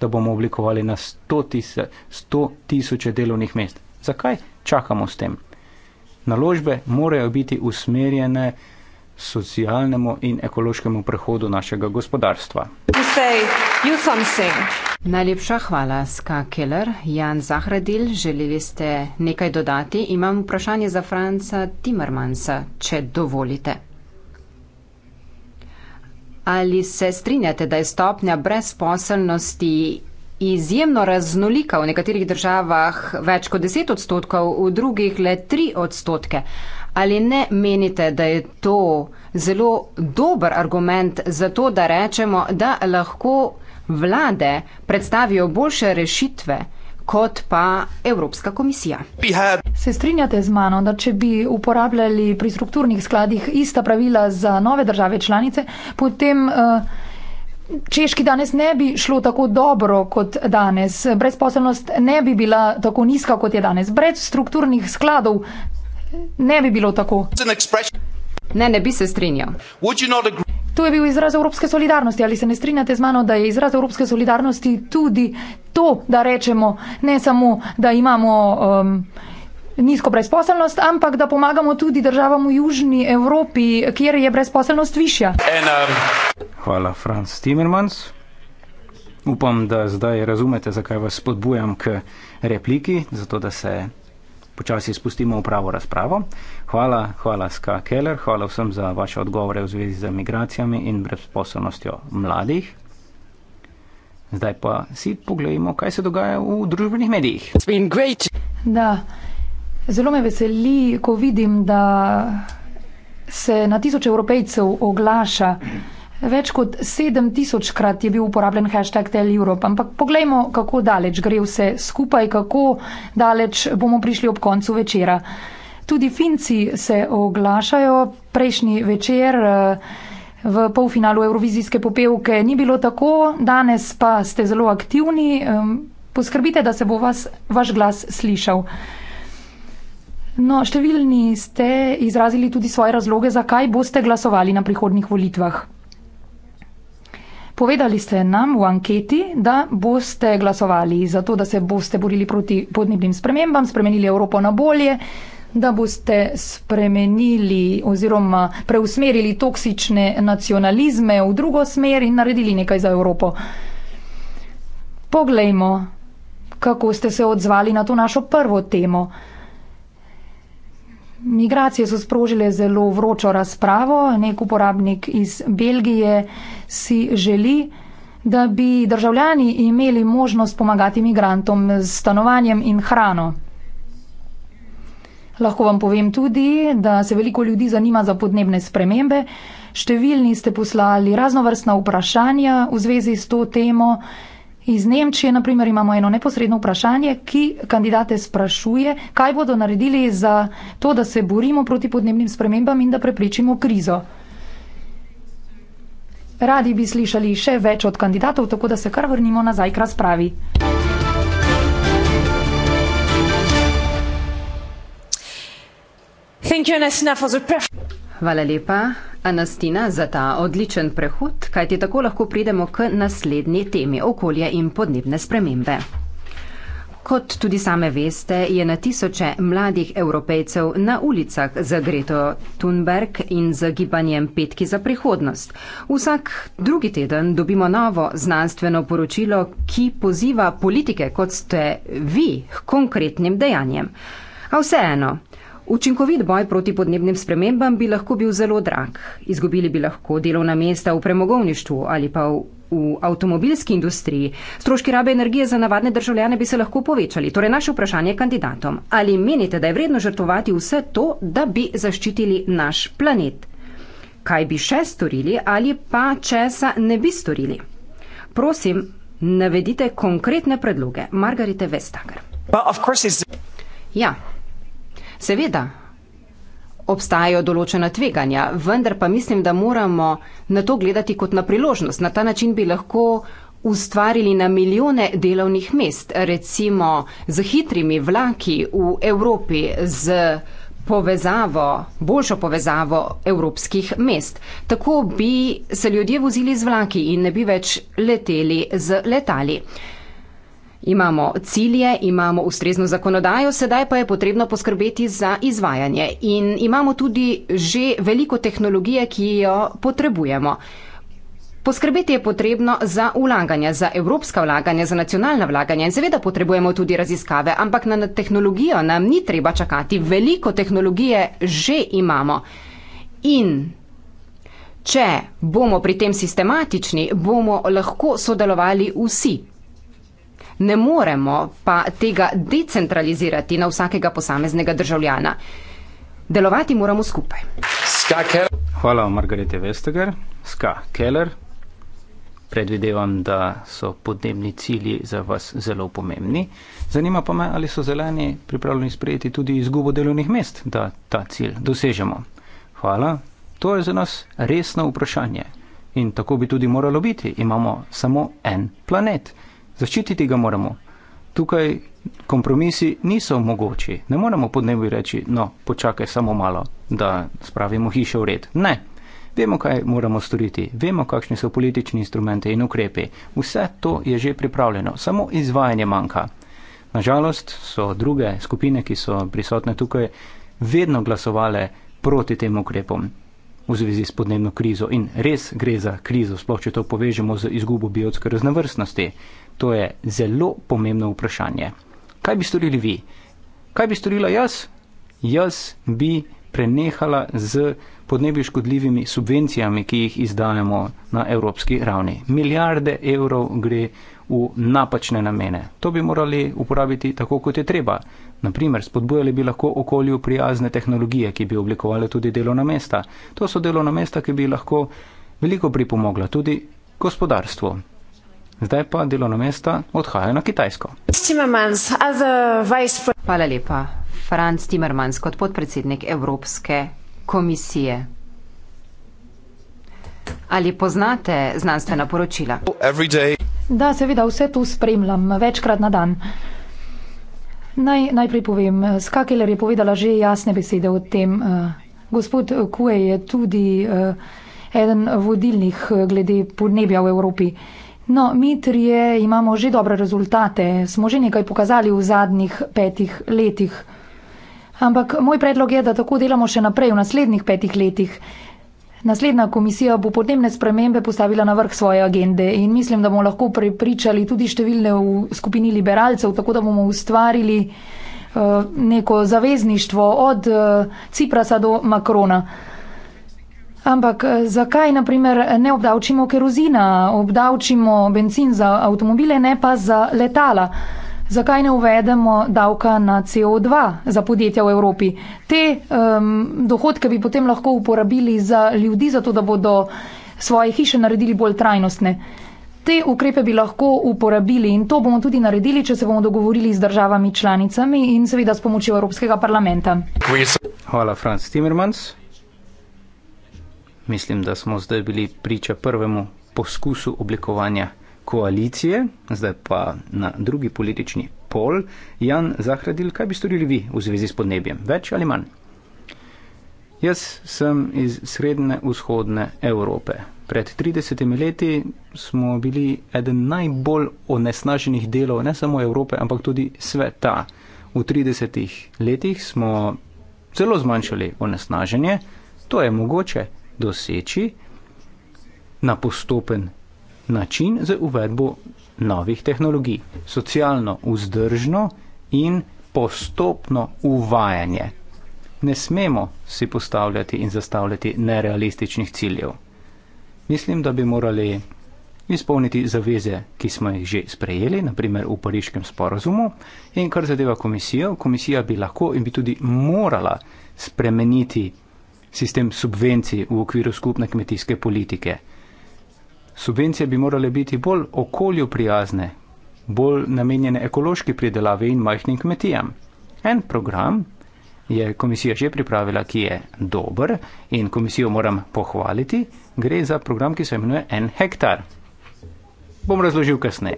da bomo oblikovali na 100 tisoče delovnih mest. Zakaj čakamo s tem? Naložbe morajo biti usmerjene socialnemu in ekološkemu prehodu našega gospodarstva. Najlepša hvala, Ska Keller. Jan Zahradil, želeli ste nekaj dodati? Imam vprašanje za Franca Timmermansa, če dovolite. Ali se strinjate, da je stopnja brezposelnosti izjemno raznolika v nekaterih državah več kot 10 odstotkov, v drugih le 3 odstotke? Ali ne menite, da je to zelo dober argument za to, da rečemo, da lahko vlade predstavijo boljše rešitve? kot pa Evropska komisija. Se strinjate z mano, da če bi uporabljali pri strukturnih skladih ista pravila za nove države članice, potem eh, češki danes ne bi šlo tako dobro kot danes, brezposobnost ne bi bila tako nizka kot je danes. Brez strukturnih skladov ne bi bilo tako. Ne, ne bi se strinjal. To je bil izraz evropske solidarnosti. Ali se ne strinjate z mano, da je izraz evropske solidarnosti tudi to, da rečemo ne samo, da imamo. Um, Nizko brezposelnost, ampak da pomagamo tudi državam v Južni Evropi, kjer je brezposelnost višja. And, um... Hvala, Franz Timmermans. Upam, da zdaj razumete, zakaj vas spodbujam k repliki, zato da se počasi spustimo v pravo razpravo. Hvala, hvala Ska Keller, hvala vsem za vaše odgovore v zvezi z migracijami in brezposobnostjo mladih. Zdaj pa si pogledajmo, kaj se dogaja v družbenih medijih. Da, zelo me veseli, ko vidim, da se na tisoče evropejcev oglaša. Mm. Več kot sedem tisočkrat je bil uporabljen hashtag Tel Europe, ampak poglejmo, kako daleč gre vse skupaj, kako daleč bomo prišli ob koncu večera. Tudi Finci se oglašajo prejšnji večer. Eh, v polfinalu Eurovizijske popevke ni bilo tako, danes pa ste zelo aktivni. Poskrbite, da se bo vas, vaš glas slišal. No, številni ste izrazili tudi svoje razloge, zakaj boste glasovali na prihodnjih volitvah. Povedali ste nam v anketi, da boste glasovali za to, da se boste borili proti podnebnim spremembam, spremenili Evropo na bolje, da boste spremenili oziroma preusmerili toksične nacionalizme v drugo smer in naredili nekaj za Evropo. Poglejmo, kako ste se odzvali na to našo prvo temo. Migracije so sprožile zelo vročo razpravo. Nek uporabnik iz Belgije si želi, da bi državljani imeli možnost pomagati migrantom z stanovanjem in hrano. Lahko vam povem tudi, da se veliko ljudi zanima za podnebne spremembe. Številni ste poslali raznovrstna vprašanja v zvezi s to temo. Iz Nemčije, na primer, imamo eno neposredno vprašanje, ki kandidate sprašuje, kaj bodo naredili za to, da se borimo proti podnebnim spremembam in da preprečimo krizo. Radi bi slišali še več od kandidatov, tako da se kar vrnimo nazaj k razpravi. Thank you, Anastasia, for the perfect. Hvala lepa, Anastina, za ta odličen prehod, kajti tako lahko pridemo k naslednji temi - okolje in podnebne spremembe. Kot tudi same veste, je na tisoče mladih evropejcev na ulicah za Greto Thunberg in z gibanjem Petki za prihodnost. Vsak drugi teden dobimo novo znanstveno poročilo, ki poziva politike, kot ste vi, konkretnim dejanjem. A vseeno, Učinkovit boj proti podnebnim spremembam bi lahko bil zelo drag. Izgubili bi lahko delovna mesta v premogovništvu ali pa v, v avtomobilski industriji. Stroški rabe energije za navadne državljane bi se lahko povečali. Torej, naše vprašanje kandidatom. Ali menite, da je vredno žrtovati vse to, da bi zaščitili naš planet? Kaj bi še storili ali pa česa ne bi storili? Prosim, navedite konkretne predloge. Margarite Vestager. Ja. Well, Seveda. Obstajajo določena tveganja, vendar pa mislim, da moramo na to gledati kot na priložnost. Na ta način bi lahko ustvarili na milijone delovnih mest, recimo z hitrimi vlaki v Evropi, z povezavo, boljšo povezavo evropskih mest. Tako bi se ljudje vozili z vlaki in ne bi več leteli z letali. Imamo cilje, imamo ustrezno zakonodajo, sedaj pa je potrebno poskrbeti za izvajanje. In imamo tudi že veliko tehnologije, ki jo potrebujemo. Poskrbeti je potrebno za vlaganja, za evropska vlaganja, za nacionalna vlaganja in seveda potrebujemo tudi raziskave, ampak na tehnologijo nam ni treba čakati. Veliko tehnologije že imamo. In če bomo pri tem sistematični, bomo lahko sodelovali vsi ne moremo pa tega decentralizirati na vsakega posameznega državljana. Delovati moramo skupaj. Hvala, Margarete Vestager. Ska Keller. Predvidevam, da so podnebni cilji za vas zelo pomembni. Zanima pa me, ali so zeleni pripravljeni sprejeti tudi izgubo delovnih mest, da ta cilj dosežemo. Hvala. To je za nas resno vprašanje. In tako bi tudi moralo biti. Imamo samo en planet. Zaščititi ga moramo. Tukaj kompromisi niso mogoči. Ne moremo podnebju reči, no, počakaj samo malo, da spravimo hišo v red. Ne. Vemo, kaj moramo storiti, vemo, kakšni so politični instrumente in ukrepi. Vse to je že pripravljeno, samo izvajanje manjka. Nažalost so druge skupine, ki so prisotne tukaj, vedno glasovale proti tem ukrepom v zvezi s podnebno krizo in res gre za krizo, sploh če to povežemo z izgubo biotske raznovrstnosti. To je zelo pomembno vprašanje. Kaj bi storili vi? Kaj bi storila jaz? Jaz bi prenehala z podnebju škodljivimi subvencijami, ki jih izdajamo na evropski ravni. Milijarde evrov gre v napačne namene. To bi morali uporabiti tako, kot je treba. Naprimer, spodbujali bi lahko okolju prijazne tehnologije, ki bi oblikovali tudi delovna mesta. To so delovna mesta, ki bi lahko veliko pripomogla tudi gospodarstvu zdaj pa delovno mesto odhajajo na Kitajsko. Hvala lepa. Franz Timmermans kot podpredsednik Evropske komisije. Ali poznate znanstvena poročila? Da, seveda, vse to spremljam večkrat na dan. Naj, najprej povem, Skakeler je povedala že jasne besede o tem. Eh, gospod Kue je tudi eh, eden vodilnih eh, glede podnebja v Evropi. No, mi trije imamo že dobre rezultate, smo že nekaj pokazali v zadnjih petih letih. Ampak moj predlog je, da tako delamo še naprej v naslednjih petih letih. Naslednja komisija bo podnebne spremembe postavila na vrh svoje agende in mislim, da bomo lahko prepričali tudi številne v skupini liberalcev, tako da bomo ustvarili uh, neko zavezništvo od uh, Ciprasa do Makrona. Uh, Ampak eh, zakaj naprimer ne obdavčimo kerozina, obdavčimo benzin za avtomobile, ne pa za letala? Zakaj ne uvedemo davka na CO2 za podjetja v Evropi? Te um, dohodke bi potem lahko uporabili za ljudi, zato da bodo svoje hiše naredili bolj trajnostne. Te ukrepe bi lahko uporabili in to bomo tudi naredili, če se bomo dogovorili z državami članicami in seveda s pomočjo Evropskega parlamenta. Hvala, Franz Timmermans mislim, da smo zdaj bili priča prvemu poskusu oblikovanja koalicije, zdaj pa na drugi politični pol. Jan Zahradil, kaj bi storili vi v zvezi s podnebjem? Več ali manj? Jaz sem iz srednje vzhodne Evrope. Pred 30 leti smo bili eden najbolj onesnaženih delov ne samo Evrope, ampak tudi sveta. V 30 letih smo celo zmanjšali onesnaženje, to je mogoče, doseči na postopen način z uvedbo novih tehnologij. Socialno vzdržno in postopno uvajanje. Ne smemo si postavljati in zastavljati nerealističnih ciljev. Mislim, da bi morali izpolniti zaveze, ki smo jih že sprejeli, naprimer v pariškem sporazumu. In kar zadeva komisijo, komisija bi lahko in bi tudi morala spremeniti sistem subvencij v okviru skupne kmetijske politike. Subvencije bi morale biti bolj okolju prijazne, bolj namenjene ekološki pridelavi in majhnim kmetijam. En program je komisija že pripravila, ki je dober in komisijo moram pohvaliti. Gre za program, ki se imenuje En hektar. Bom razložil kasneje.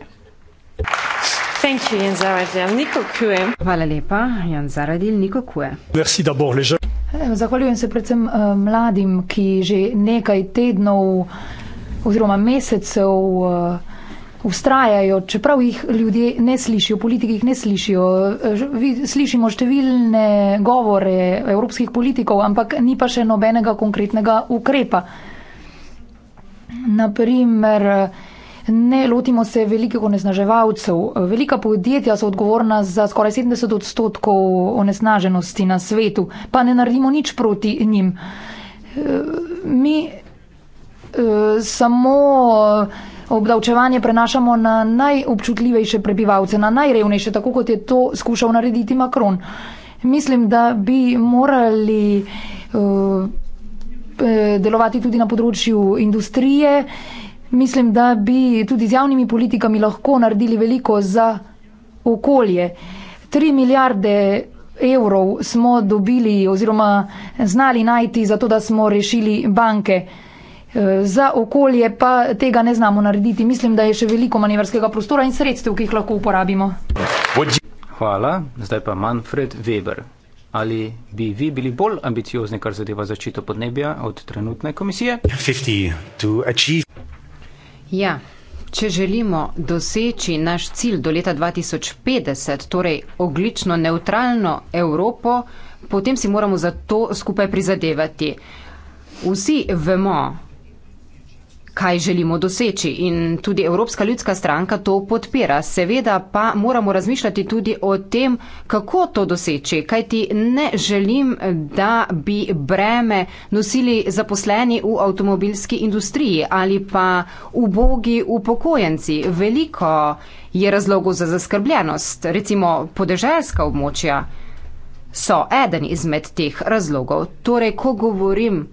Hvala lepa, Jan Zaradil, Niko Kue. Merci d'abord, le žal. Ehm, zahvaljujem se predvsem ehm, mladim, ki že nekaj tednov oziroma mesecev ustrajajo, ehm, čeprav jih ljudje ne slišijo, politiki jih ne slišijo. Slišimo številne govore evropskih politikov, ampak ni pa še nobenega konkretnega ukrepa. Naprimer, ne lotimo se velikih onesnaževalcev. Velika podjetja so odgovorna za skoraj 70 odstotkov onesnaženosti na svetu, pa ne naredimo nič proti njim. Eh, mi eh, samo eh, obdavčevanje prenašamo na najobčutljivejše prebivalce, na najrevnejše, tako kot je to skušal narediti Macron. Mislim, da bi morali delovati tudi na področju industrije. Mislim, da bi tudi z javnimi politikami lahko naredili veliko za okolje. 3 milijarde evrov smo dobili oziroma znali najti za to, da smo rešili banke. E, za okolje pa tega ne znamo narediti. Mislim, da je še veliko manevrskega prostora in sredstev, ki jih lahko uporabimo. Hvala. Zdaj pa Manfred Weber. Ali bi vi bili bolj ambiciozni, kar zadeva zaščito podnebja od trenutne komisije? 50 to achieve. Ja, če želimo doseči naš cilj do leta 2050, torej oglično neutralno Evropo, potem si moramo za to skupaj prizadevati. Vsi vemo, kaj želimo doseči. In tudi Evropska ljudska stranka to podpira. Seveda pa moramo razmišljati tudi o tem, kako to doseči. Kaj ti ne želim, da bi breme nosili zaposleni v avtomobilski industriji ali pa ubogi upokojenci. Veliko je razlogov za zaskrbljenost. Recimo podeželska območja so eden izmed teh razlogov. Torej, ko govorim,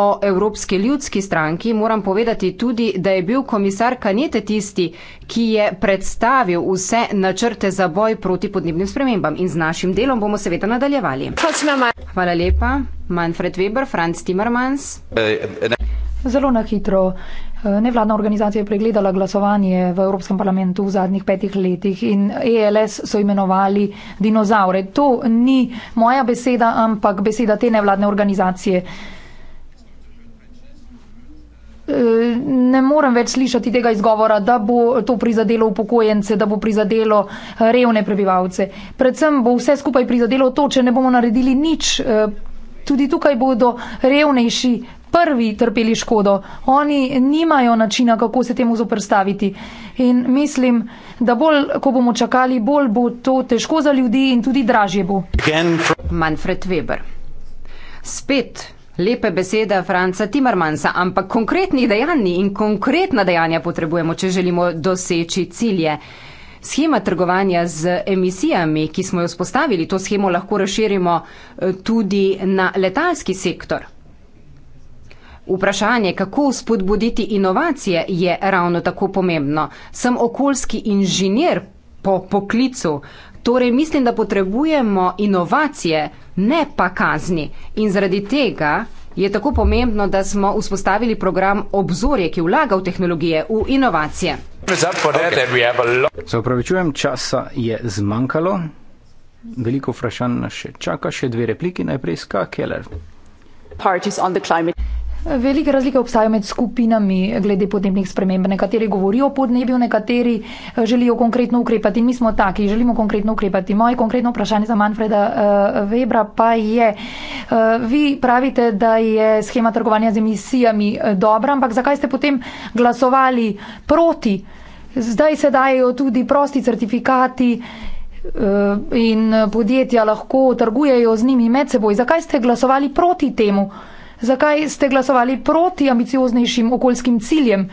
o Evropski ljudski stranki, moram povedati tudi, da je bil komisar Kanete tisti, ki je predstavil vse načrte za boj proti podnebnim spremembam. In z našim delom bomo seveda nadaljevali. Hvala lepa. Manfred Weber, Franz Timmermans. Zelo na hitro. Nevladna organizacija je pregledala glasovanje v Evropskem parlamentu v zadnjih petih letih in ELS so imenovali dinozaure. To ni moja beseda, ampak beseda te nevladne organizacije ne morem več slišati tega izgovora, da bo to prizadelo upokojence, da bo prizadelo eh, revne prebivalce. Predvsem bo vse skupaj prizadelo to, če ne bomo naredili nič. Eh, tudi tukaj bodo revnejši prvi trpeli škodo. Oni nimajo načina, kako se temu zoprstaviti. In mislim, da bolj, ko bomo čakali, bolj bo to težko za ljudi in tudi dražje bo. Manfred Weber. Spet. Lepe besede, Franca Timmermansa, ampak konkretnih dejanj in konkretna dejanja potrebujemo, če želimo doseči cilje. Schema trgovanja z emisijami, ki smo jo spostavili, to schemo lahko razširimo eh, tudi na letalski sektor. Vprašanje, kako spodbuditi inovacije, je ravno tako pomembno. Sem okoljski inženir po poklicu, Torej mislim, da potrebujemo inovacije, ne pa kazni. In zaradi tega je tako pomembno, da smo vzpostavili program Obzorje, ki vlaga v tehnologije, v inovacije. Se upravičujem, časa je zmanjkalo. Veliko vprašanj nas še čaka, še dve repliki, najprej Ska Keller. Velike razlike obstajajo med skupinami glede podnebnih sprememb. Nekateri govorijo o podnebju, nekateri eh, želijo konkretno ukrepati. Mi smo taki, želimo konkretno ukrepati. Moje konkretno vprašanje za Manfreda eh, Webra pa je, eh, vi pravite, da je schema trgovanja z emisijami dobra, ampak zakaj ste potem glasovali proti? Zdaj se dajo tudi prosti certifikati in podjetja lahko trgujejo z njimi med seboj. Zakaj ste glasovali proti temu? zakaj ste glasovali proti ambicioznejšim okoljskim ciljem.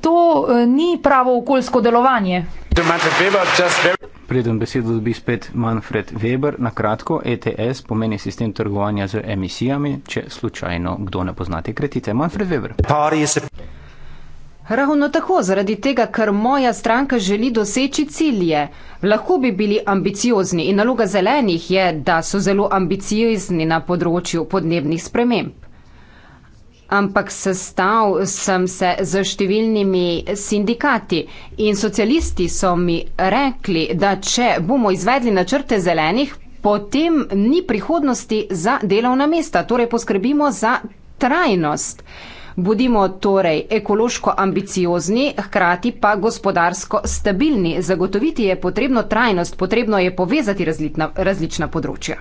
To e, ni pravo okoljsko delovanje. Predem besedo dobi spet Manfred Weber. Na kratko, ETS pomeni sistem trgovanja z emisijami, če slučajno kdo ne pozna te kretite. Manfred Weber. Party is a... Ravno tako, zaradi tega, ker moja stranka želi doseči cilje. Lahko bi bili ambiciozni in naloga zelenih je, da so zelo ambiciozni na področju podnebnih sprememb. Ampak sestav sem se z številnimi sindikati in socialisti so mi rekli, da če bomo izvedli načrte zelenih, potem ni prihodnosti za delovna mesta, torej poskrbimo za trajnost. Budimo torej ekološko ambiciozni, hkrati pa gospodarsko stabilni. Zagotoviti je potrebno trajnost, potrebno je povezati različna, različna področja.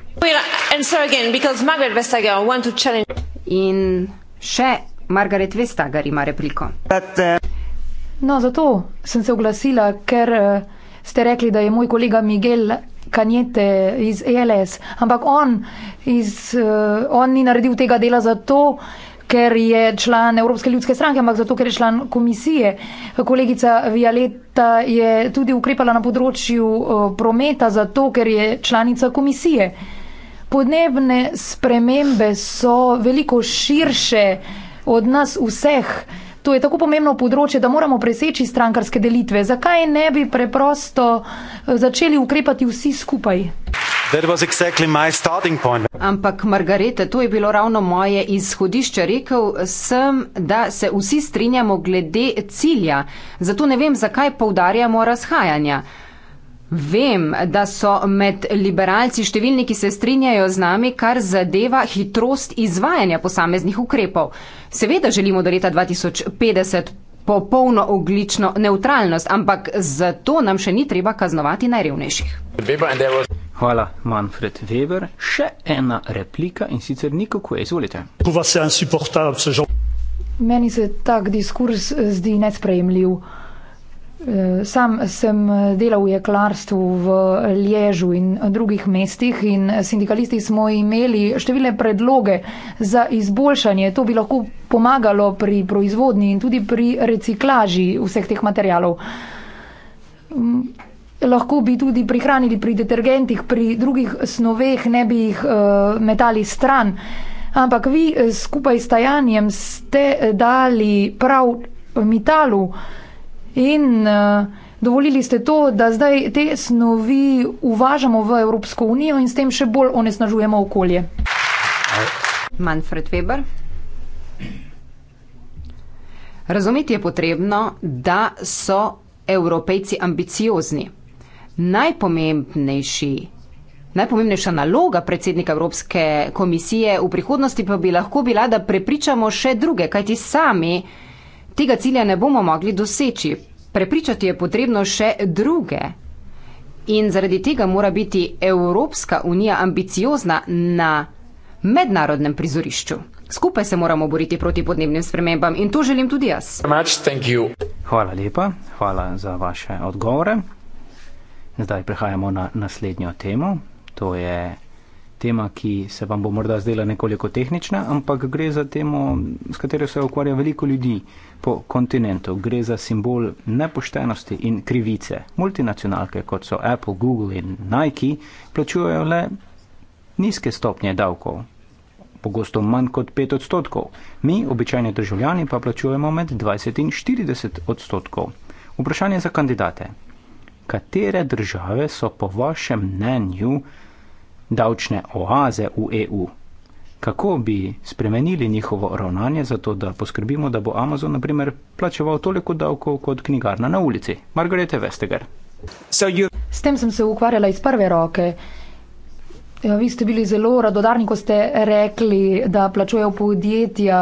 In še Margaret Vestager ima repliko. Uh, no, zato sem se oglasila, ker uh, ste rekli, da je moj kolega Miguel Kanjete iz ELS, ampak on, iz, uh, on ni naredil tega dela zato, ker ker je član Evropske ljudske stranke, ampak zato, ker je član komisije. Kolegica Violeta je tudi ukrepala na področju eh, prometa, zato, ker je članica komisije. Podnebne spremembe so veliko širše od nas vseh. To je tako pomembno področje, da moramo preseči strankarske delitve. Zakaj ne bi preprosto eh, začeli ukrepati vsi skupaj? Exactly Ampak, Margarete, to je bilo ravno moje izhodišče. Rekl sem, da se vsi strinjamo glede cilja, zato ne vem, zakaj poudarjamo razhajanja. Vem, da so med liberalci številni, ki se strinjajo z nami, kar zadeva hitrost izvajanja posameznih ukrepov. Seveda želimo do leta 2050 popolno oglično neutralnost, ampak zato nam še ni treba kaznovati najrevnejših. Hvala, Manfred Weber. Še ena replika in sicer Niko Kue, izvolite. Meni se tak diskurs zdi nesprejemljiv. Eh, sam sem delal v jeklarstvu v Lježu in drugih mestih in sindikalisti smo imeli številne predloge za izboljšanje. To bi lahko pomagalo pri proizvodnji in tudi pri reciklaži vseh teh materialov. Lahko bi tudi prihranili pri detergentih, pri drugih snoveh, ne bi jih uh, metali stran. Ampak vi eh, skupaj s tajanjem ste eh, dali prav metalu in uh, dovolili ste to, da zdaj te snovi uvažamo v Evropsko unijo in s tem še bolj onesnažujemo okolje. Manfred Weber. Razumeti je potrebno, da so evropejci ambiciozni najpomembnejši. Najpomembnejša naloga predsednika Evropske komisije v prihodnosti pa bi lahko bila, da prepričamo še druge, kajti sami tega cilja ne bomo mogli doseči. Prepričati je potrebno še druge. In zaradi tega mora biti Evropska unija ambiciozna na mednarodnem prizorišču. Skupaj se moramo boriti proti podnebnim spremembam in to želim tudi jaz. Hvala lepa, hvala za vaše odgovore. Zdaj prehajamo na naslednjo temo. To je tema, ki se vam bo morda zdela nekoliko tehnična, ampak gre za temo, s katero se ukvarja veliko ljudi po kontinentu. Gre za simbol nepoštenosti in krivice. Multinacionalke, kot so Apple, Google in Nike, plačujejo le nizke stopnje davkov. Pogosto manj kot 5 odstotkov. Mi, običajni državljani, pa plačujemo med 20 in 40 odstotkov. Vprašanje za kandidate katere države so po vašem mnenju davčne oaze v EU? Kako bi spremenili njihovo ravnanje, zato da poskrbimo, da bo Amazon, na primer, plačeval toliko davkov kot knjigarna na ulici? Margarete Vestager. You... S tem sem se ukvarjala iz prve roke. Ja, vi ste bili zelo radodarni, ko ste rekli, da plačujejo podjetja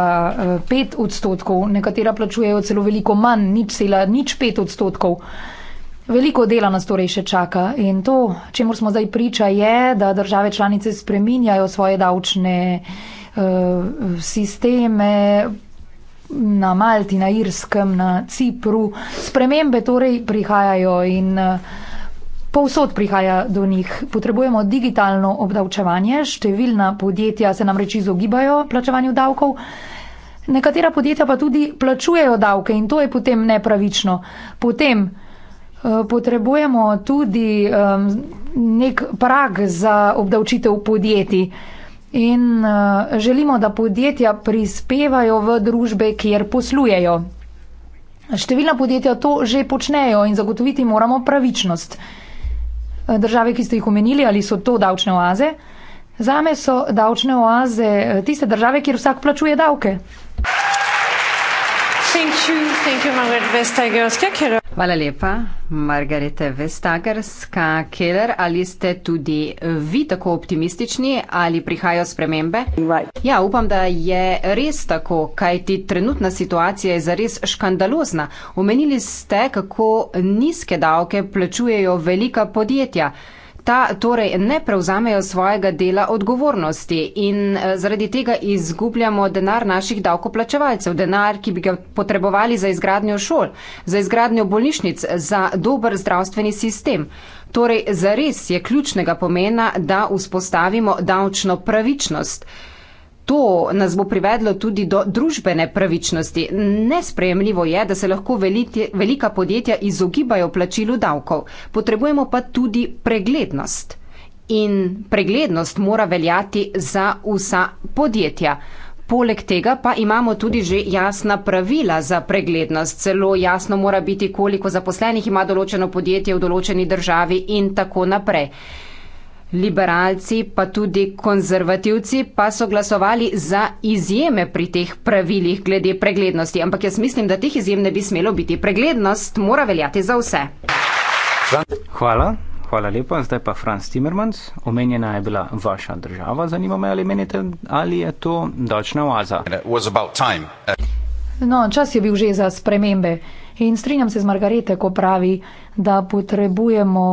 5 eh, odstotkov, nekatera plačujejo celo veliko manj, nič cela, nič 5 odstotkov. Uh, Veliko dela nas torej še čaka in to, čemu smo zdaj priča, je, da države članice spreminjajo svoje davčne uh, sisteme na Malti, na Irskem, na Cipru. Spremembe torej prihajajo in uh, povsod prihaja do njih. Potrebujemo digitalno obdavčevanje, številna podjetja se nam reči izogibajo plačevanju davkov. Nekatera podjetja pa tudi plačujejo davke in to je potem nepravično. Potem Eh, potrebujemo tudi nek prag za obdavčitev podjetij. In eh, želimo, da podjetja prispevajo v družbe, kjer poslujejo. Številna podjetja to že počnejo in zagotoviti moramo pravičnost. Eh, države, ki ste jih omenili, ali so to davčne oaze? Zame so davčne oaze tiste države, kjer vsak plačuje davke. Hvala lepa, Margareta Vestagerska. Keller, ali ste tudi vi tako optimistični ali prihajajo spremembe? Right. Ja, upam, da je res tako, kajti trenutna situacija je zares škandalozna. Omenili ste, kako nizke davke plačujejo velika podjetja ta torej ne prevzamejo svojega dela odgovornosti in eh, zaradi tega izgubljamo denar naših davkoplačevalcev, denar, ki bi ga potrebovali za izgradnjo šol, za izgradnjo bolnišnic, za dober zdravstveni sistem. Torej, zares je ključnega pomena, da vzpostavimo davčno pravičnost. To nas bo privedlo tudi do družbene pravičnosti. Nesprejemljivo je, da se lahko veliti, velika podjetja izogibajo plačilu davkov. Potrebujemo pa tudi preglednost. In preglednost mora veljati za vsa podjetja. Poleg tega pa imamo tudi že jasna pravila za preglednost. Celo jasno mora biti, koliko zaposlenih ima določeno podjetje v določeni državi in tako naprej. Liberalci pa tudi konzervativci pa so glasovali za izjeme pri teh pravilih glede preglednosti. Ampak jaz mislim, da teh izjem ne bi smelo biti. Preglednost mora veljati za vse. Hvala. Hvala lepa. Zdaj pa Franz Timmermans. Omenjena je bila vaša država. Zanima me, ali menite, ali je to dočna oaza. No, čas je bil že za spremembe. In strinjam se z Margarete, ko pravi, da potrebujemo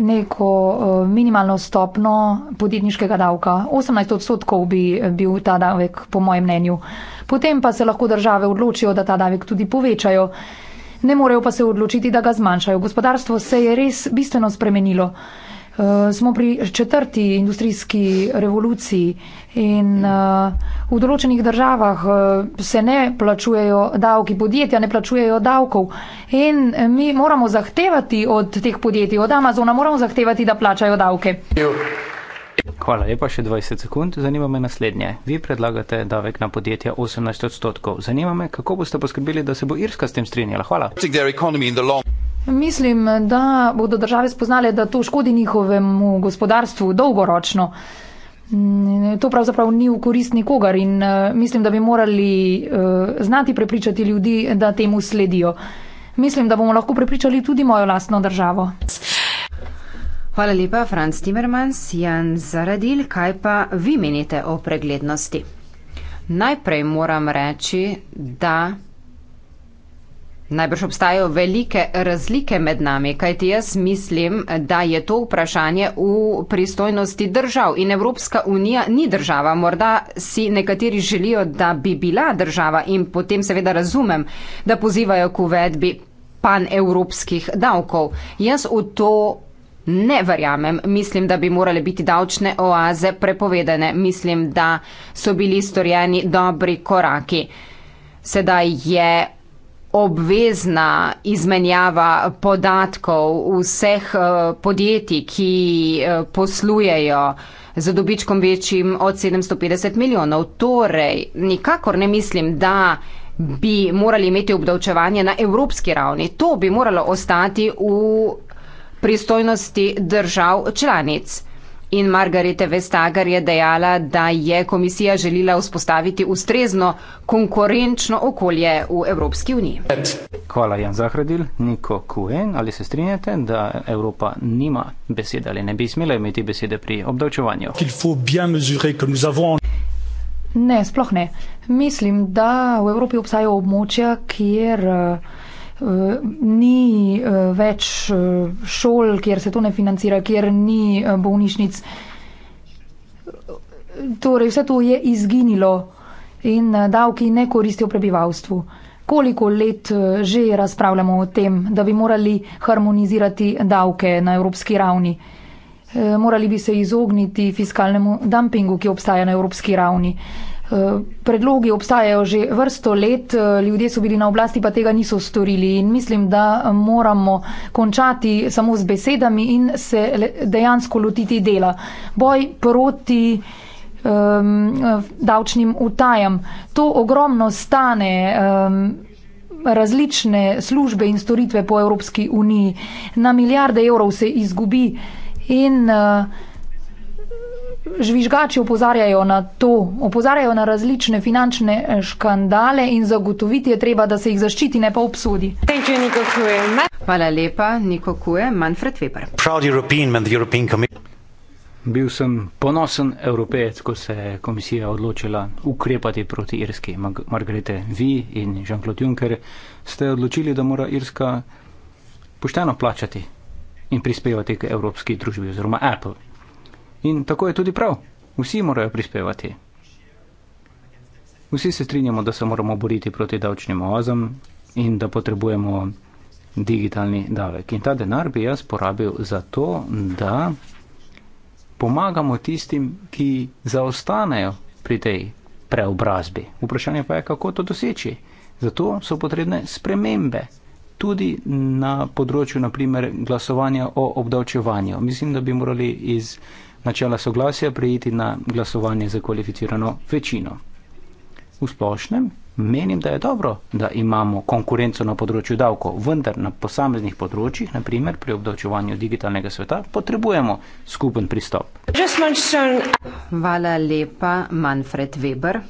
neko eh, minimalno stopno podjetniškega davka. 18 odstotkov bi eh, bil ta davek, po mojem mnenju. Potem pa se lahko države odločijo, da ta davek tudi povečajo. Ne morejo pa se odločiti, da ga zmanjšajo. Gospodarstvo se je res bistveno spremenilo. Eh, smo pri četrti industrijski revoluciji in eh, v določenih državah eh, se ne plačujejo davki, podjetja ne plačujejo davkov in mi moramo zahtevati od teh podjetij, od Amazona moramo zahtevati, da plačajo davke. Hvala lepa, še 20 sekund. Zanima me naslednje. Vi predlagate davek na podjetja 18 odstotkov. Zanima me, kako boste poskrbeli, da se bo Irska s tem strinjala. Hvala. Mislim, da bodo države spoznale, da to škodi njihovemu gospodarstvu dolgoročno. Mm, to pravzaprav ni v korist nikogar in eh, mislim, da bi morali eh, znati prepričati ljudi, da temu sledijo. Mislim, da bomo lahko prepričali tudi mojo lastno državo. Hvala lepa, Franz Timmermans, Jan Zaradil, kaj pa vi menite o preglednosti? Najprej moram reči, da Najbrž obstajajo velike razlike med nami, kajti jaz mislim, da je to vprašanje v pristojnosti držav in Evropska unija ni država. Morda si nekateri želijo, da bi bila država in potem seveda razumem, da pozivajo k uvedbi panevropskih davkov. Jaz v to. Ne verjamem, mislim, da bi morale biti davčne oaze prepovedane. Mislim, da so bili storjeni dobri koraki. Sedaj je obvezna izmenjava podatkov vseh eh, podjetij, ki eh, poslujejo z dobičkom večjim od 750 milijonov. Torej, nikakor ne mislim, da bi morali imeti obdavčevanje na evropski ravni. To bi moralo ostati v pristojnosti držav članic. In Margarete Vestager je dejala, da je komisija želela vzpostaviti ustrezno konkurenčno okolje v Evropski uniji. Hvala Jan Zahradil, Niko Kuen. Ali se strinjate, da Evropa nima besede ali ne bi smela imeti besede pri obdavčevanju? Ne, sploh ne. Mislim, da v Evropi obstajajo območja, kjer. Uh, Eh, ni eh, več eh, šol, kjer se to ne financira, kjer ni bolnišnic. Torej, vse to je izginilo in davki ne koristijo prebivalstvu. Koliko let že razpravljamo o tem, da bi morali harmonizirati davke na evropski ravni? Morali bi se izogniti fiskalnemu dumpingu, ki obstaja na evropski ravni. Predlogi obstajajo že vrsto let, eh, ljudje so bili na oblasti, pa tega niso storili. In mislim, da moramo končati samo z besedami in se dejansko lotiti dela. Boj proti um, davčnim utajam. To ogromno stane. Um, različne službe in storitve po Evropski uniji. Na milijarde evrov se izgubi in uh, Žvižgači opozarjajo na to, opozarjajo na različne finančne eh, škandale in zagotoviti je treba, da se jih zaščiti, ne pa obsodi. Hvala lepa, Niko Kuje, Manfred Weber. Bil sem ponosen evropejec, ko se je komisija odločila ukrepati proti Irski. Mar Margarete, vi in Jean-Claude Juncker ste odločili, da mora Irska pošteno plačati in prispevati k evropski družbi oziroma Apple. In tako je tudi prav. Vsi morajo prispevati. Vsi se strinjamo, da se moramo boriti proti davčnim oazam in da potrebujemo digitalni davek. In ta denar bi jaz porabil za to, da pomagamo tistim, ki zaostanejo pri tej preobrazbi. Vprašanje pa je, kako to doseči. Zato so potrebne spremembe. Tudi na področju, naprimer, glasovanja o obdavčevanju. Mislim, da bi morali iz načela soglasja prejiti na glasovanje za kvalificirano večino. V splošnem menim, da je dobro, da imamo konkurenco na področju davko, vendar na posameznih področjih, naprimer pri obdavčevanju digitalnega sveta, potrebujemo skupen pristop. Hvala lepa, Manfred Weber.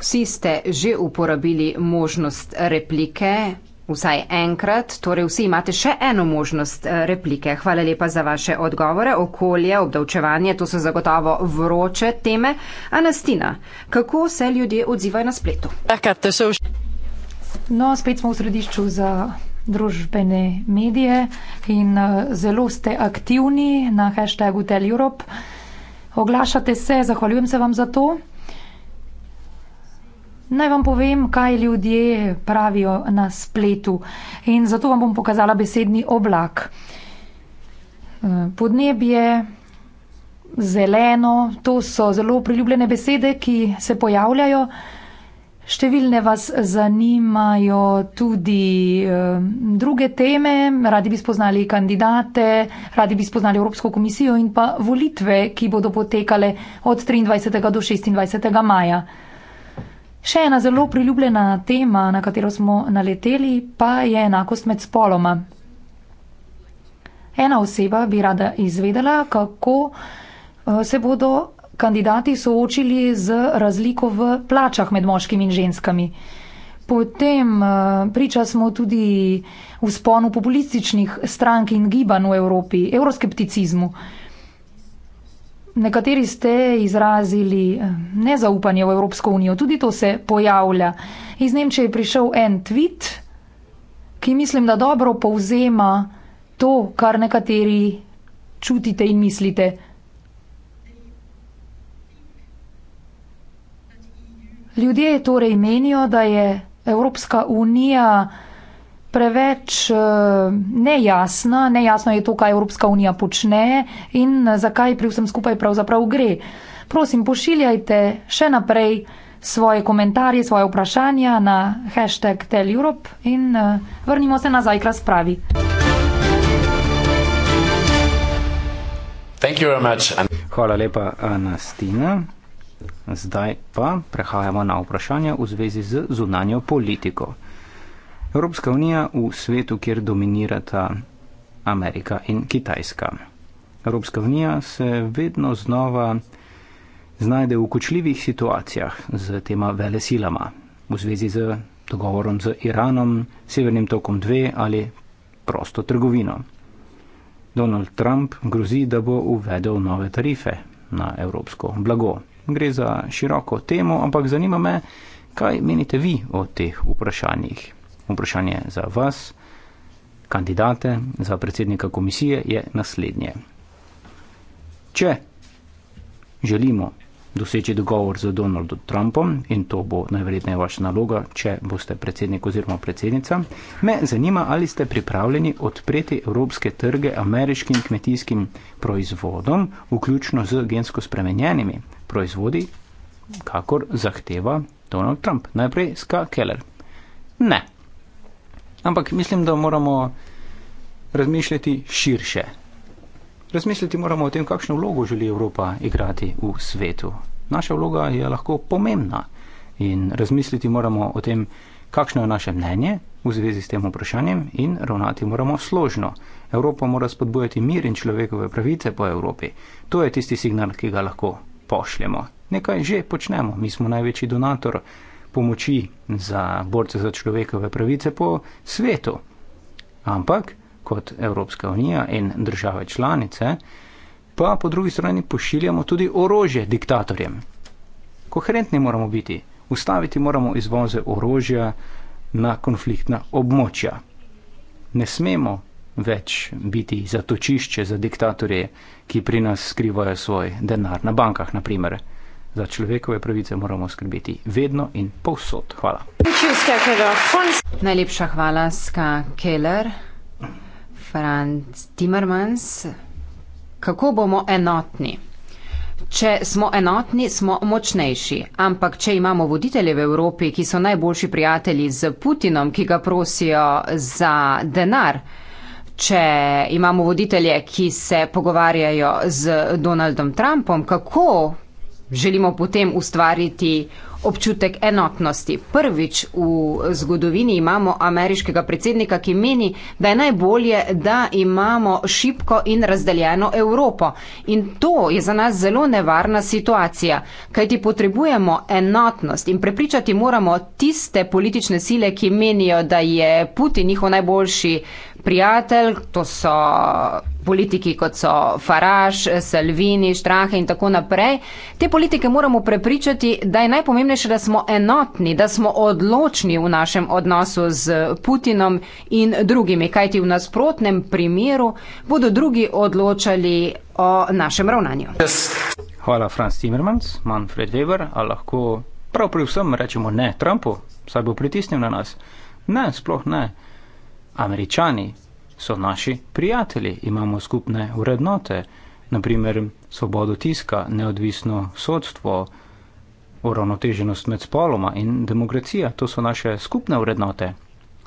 Vsi ste že uporabili možnost replike, Vsaj enkrat, torej vsi imate še eno možnost eh, replike. Hvala lepa za vaše odgovore. Okolje, obdavčevanje, to so zagotovo vroče teme. Anastina, kako se ljudje odzivajo na spletu? No, spet smo v središču za družbene medije in eh, zelo ste aktivni na hashtagu TelEurope. Oglašate se, zahvaljujem se vam za to. Naj vam povem, kaj ljudje pravijo na spletu in zato vam bom pokazala besedni oblak. Eh, podnebje, zeleno, to so zelo priljubljene besede, ki se pojavljajo. Številne vas zanimajo tudi eh, druge teme, radi bi spoznali kandidate, radi bi spoznali Evropsko komisijo in pa volitve, ki bodo potekale od 23. do 26. maja. Še ena zelo priljubljena tema, na katero smo naleteli, pa je enakost med spoloma. Ena oseba bi rada izvedela, kako eh, se bodo kandidati soočili z razliko v plačah med moškimi in ženskami. Potem eh, priča smo tudi v sponu populističnih strank in gibanj v Evropi, euroskepticizmu. Nekateri ste izrazili eh, nezaupanje v Evropsko unijo, tudi to se pojavlja. Iz Nemčije je prišel en tweet, ki mislim, da dobro povzema to, kar nekateri čutite in mislite. Ljudje torej menijo, da je Evropska unija preveč eh, nejasna, nejasno je to, kaj Evropska unija počne in eh, zakaj pri vsem skupaj pravzaprav gre. Prosim, pošiljajte še naprej svoje komentarje, svoje vprašanja na hashtag TelEurope in eh, vrnimo se nazaj k razpravi. Hvala lepa, Anastina. Zdaj pa prehajamo na vprašanje v zvezi z zunanjo politiko. Evropska unija v svetu, kjer dominirata Amerika in Kitajska. Evropska unija se vedno znova znajde v kočljivih situacijah z tema velesilama v zvezi z dogovorom z Iranom, Severnim tokom 2 ali prosto trgovino. Donald Trump grozi, da bo uvedel nove tarife na evropsko blago. Gre za široko temo, ampak zanima me, kaj menite vi o teh vprašanjih vprašanje za vas, kandidate za predsednika komisije, je naslednje. Če želimo doseči dogovor z Donaldom Trumpom in to bo najverjetneje vaša naloga, če boste predsednik oziroma predsednica, me zanima, ali ste pripravljeni odpreti evropske trge ameriškim kmetijskim proizvodom, vključno z gensko spremenjenimi proizvodi, kakor zahteva Donald Trump. Najprej Ska Keller. Ne. Ampak mislim, da moramo razmišljati širše. Razmisliti moramo o tem, kakšno vlogo želi Evropa igrati v svetu. Naša vloga je lahko pomembna in razmisliti moramo o tem, kakšno je naše mnenje v zvezi s tem vprašanjem in ravnati moramo složno. Evropa mora spodbujati mir in človekove pravice po Evropi. To je tisti signal, ki ga lahko pošljemo. Nekaj že počnemo, mi smo največji donator pomoči za borce za človekove pravice po svetu. Ampak kot Evropska unija in države članice, pa po drugi strani pošiljamo tudi orožje diktatorjem. Koherentni moramo biti, ustaviti moramo izvoze orožja na konfliktna območja. Ne smemo več biti zatočišče za diktatorje, ki pri nas skrivajo svoj denar na bankah, naprimer. Za človekove pravice moramo skrbeti vedno in povsod. Hvala. Najlepša hvala, Ska Keller, Franz Timmermans. Kako bomo enotni? Če smo enotni, smo močnejši, ampak če imamo voditelje v Evropi, ki so najboljši prijatelji z Putinom, ki ga prosijo za denar, če imamo voditelje, ki se pogovarjajo z Donaldom Trumpom, kako želimo potem ustvariti občutek enotnosti. Prvič v zgodovini imamo ameriškega predsednika, ki meni, da je najbolje, da imamo šipko in razdeljeno Evropo. In to je za nas zelo nevarna situacija, kajti potrebujemo enotnost in prepričati moramo tiste politične sile, ki menijo, da je Putin njihov najboljši prijatelj, to so politiki, kot so Faraž, Salvini, Štrahe in tako naprej. Te politike moramo prepričati, da je najpomembnejše, da smo enotni, da smo odločni v našem odnosu z Putinom in drugimi, kajti v nasprotnem primeru bodo drugi odločali o našem ravnanju. Hvala, Franz Timmermans, Manfred Weber, a lahko prav pri vsem rečemo ne Trumpu, saj bo pritisnil na nas. Ne, sploh ne. Američani so naši prijatelji, imamo skupne vrednote, naprimer svobodo tiska, neodvisno sodstvo, uravnoteženost med spoloma in demokracija. To so naše skupne vrednote.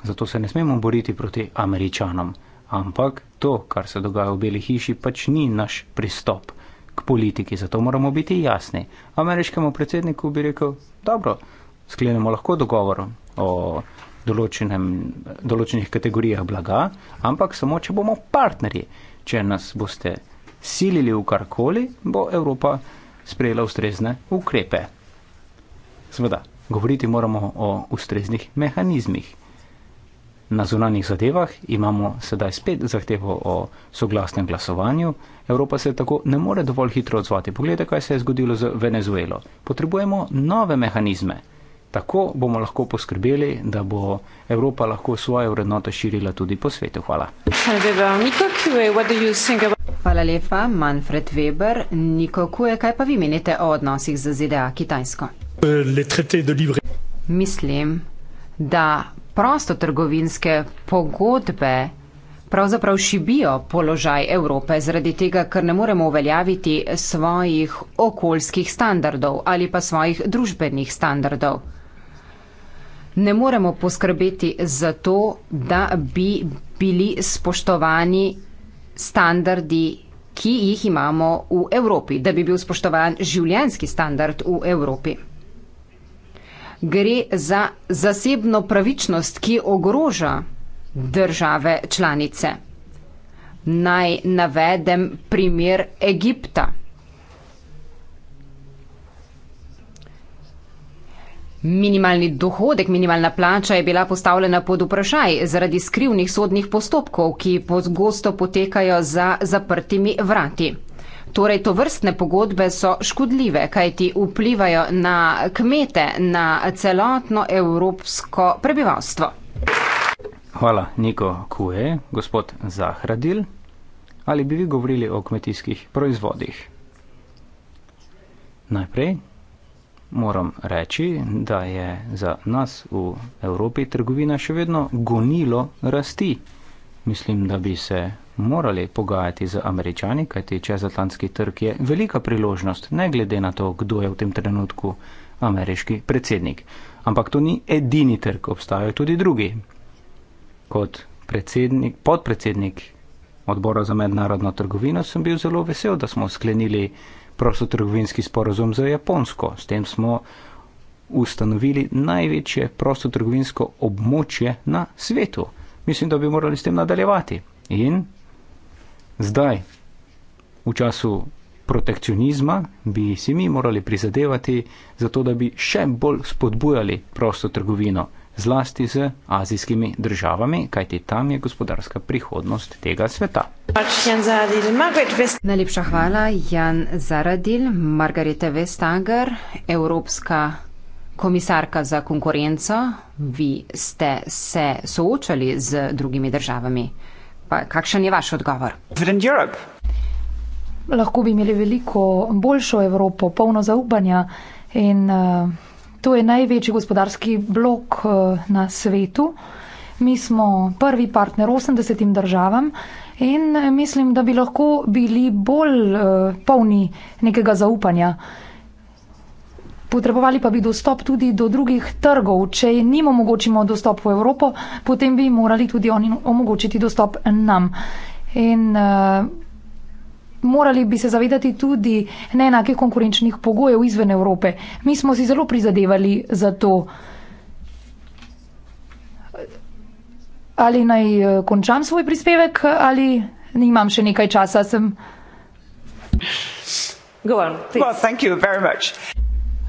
Zato se ne smemo boriti proti američanom. Ampak to, kar se dogaja v Beli hiši, pač ni naš pristop k politiki, zato moramo biti jasni. Ameriškemu predsedniku bi rekel, dobro, sklenemo lahko dogovor o določenem, določenih kategorijah blaga, ampak samo, če bomo partnerji. Če nas boste silili v karkoli, bo Evropa sprejela ustrezne ukrepe. Sveda, govoriti moramo o ustreznih mehanizmih. Na zunanjih zadevah imamo sedaj spet zahtevo o soglasnem glasovanju. Evropa se tako ne more dovolj hitro odzvati. Poglejte, kaj se je zgodilo z Venezuelo. Potrebujemo nove mehanizme. Tako bomo lahko poskrbeli, da bo Evropa lahko svoje vrednote širila tudi po svetu. Hvala. Hvala lepa, Manfred Weber. Niko Kue, kaj pa vi menite o odnosih z ZDA Kitajsko? Euh, Mislim, da prostotrgovinske pogodbe pravzaprav šibijo položaj Evrope zaradi tega, ker ne moremo uveljaviti svojih okoljskih standardov ali pa svojih družbenih standardov ne moremo poskrbeti za to, da bi bili spoštovani standardi, ki jih imamo v Evropi, da bi bil spoštovan življenski standard v Evropi. Gre za zasebno pravičnost, ki ogroža države članice. Naj navedem primer Egipta. Minimalni dohodek, minimalna plača je bila postavljena pod vprašaj zaradi skrivnih sodnih postopkov, ki pogosto potekajo za zaprtimi vrati. Torej, to vrstne pogodbe so škodljive, kajti vplivajo na kmete, na celotno evropsko prebivalstvo. Hvala, Niko Kue, gospod Zahradil. Ali bi vi govorili o kmetijskih proizvodih? Najprej moram reči, da je za nas v Evropi trgovina še vedno gonilo rasti. Mislim, da bi se morali pogajati z američani, kajti čezatlantski trg je velika priložnost, ne glede na to, kdo je v tem trenutku ameriški predsednik. Ampak to ni edini trg, obstajajo tudi drugi. Kot predsednik, podpredsednik odbora za mednarodno trgovino sem bil zelo vesel, da smo sklenili prostotrgovinski sporozum za Japonsko. S tem smo ustanovili največje prostotrgovinsko območje na svetu. Mislim, da bi morali s tem nadaljevati. In zdaj, v času protekcionizma, bi si mi morali prizadevati za to, da bi še bolj spodbujali prostotrgovino zlasti z azijskimi državami, kajti tam je gospodarska prihodnost tega sveta. Najlepša hvala, Jan Zaradil, Margarete Vestager, Evropska komisarka za konkurenco. Vi ste se soočali z drugimi državami. Pa kakšen je vaš odgovor? Lahko bi imeli veliko boljšo Evropo, polno zaupanja in uh, To je največji gospodarski blok eh, na svetu. Mi smo prvi partner 80 državam in eh, mislim, da bi lahko bili bolj eh, polni nekega zaupanja. Potrebovali pa bi dostop tudi do drugih trgov. Če njim omogočimo dostop v Evropo, potem bi morali tudi oni omogočiti dostop nam. In morali bi se zavedati tudi neenakih konkurenčnih pogojev izven Evrope. Mi smo si zelo prizadevali za to. Ali naj eh, končam svoj prispevek, ali nimam še nekaj časa, sem. On, well,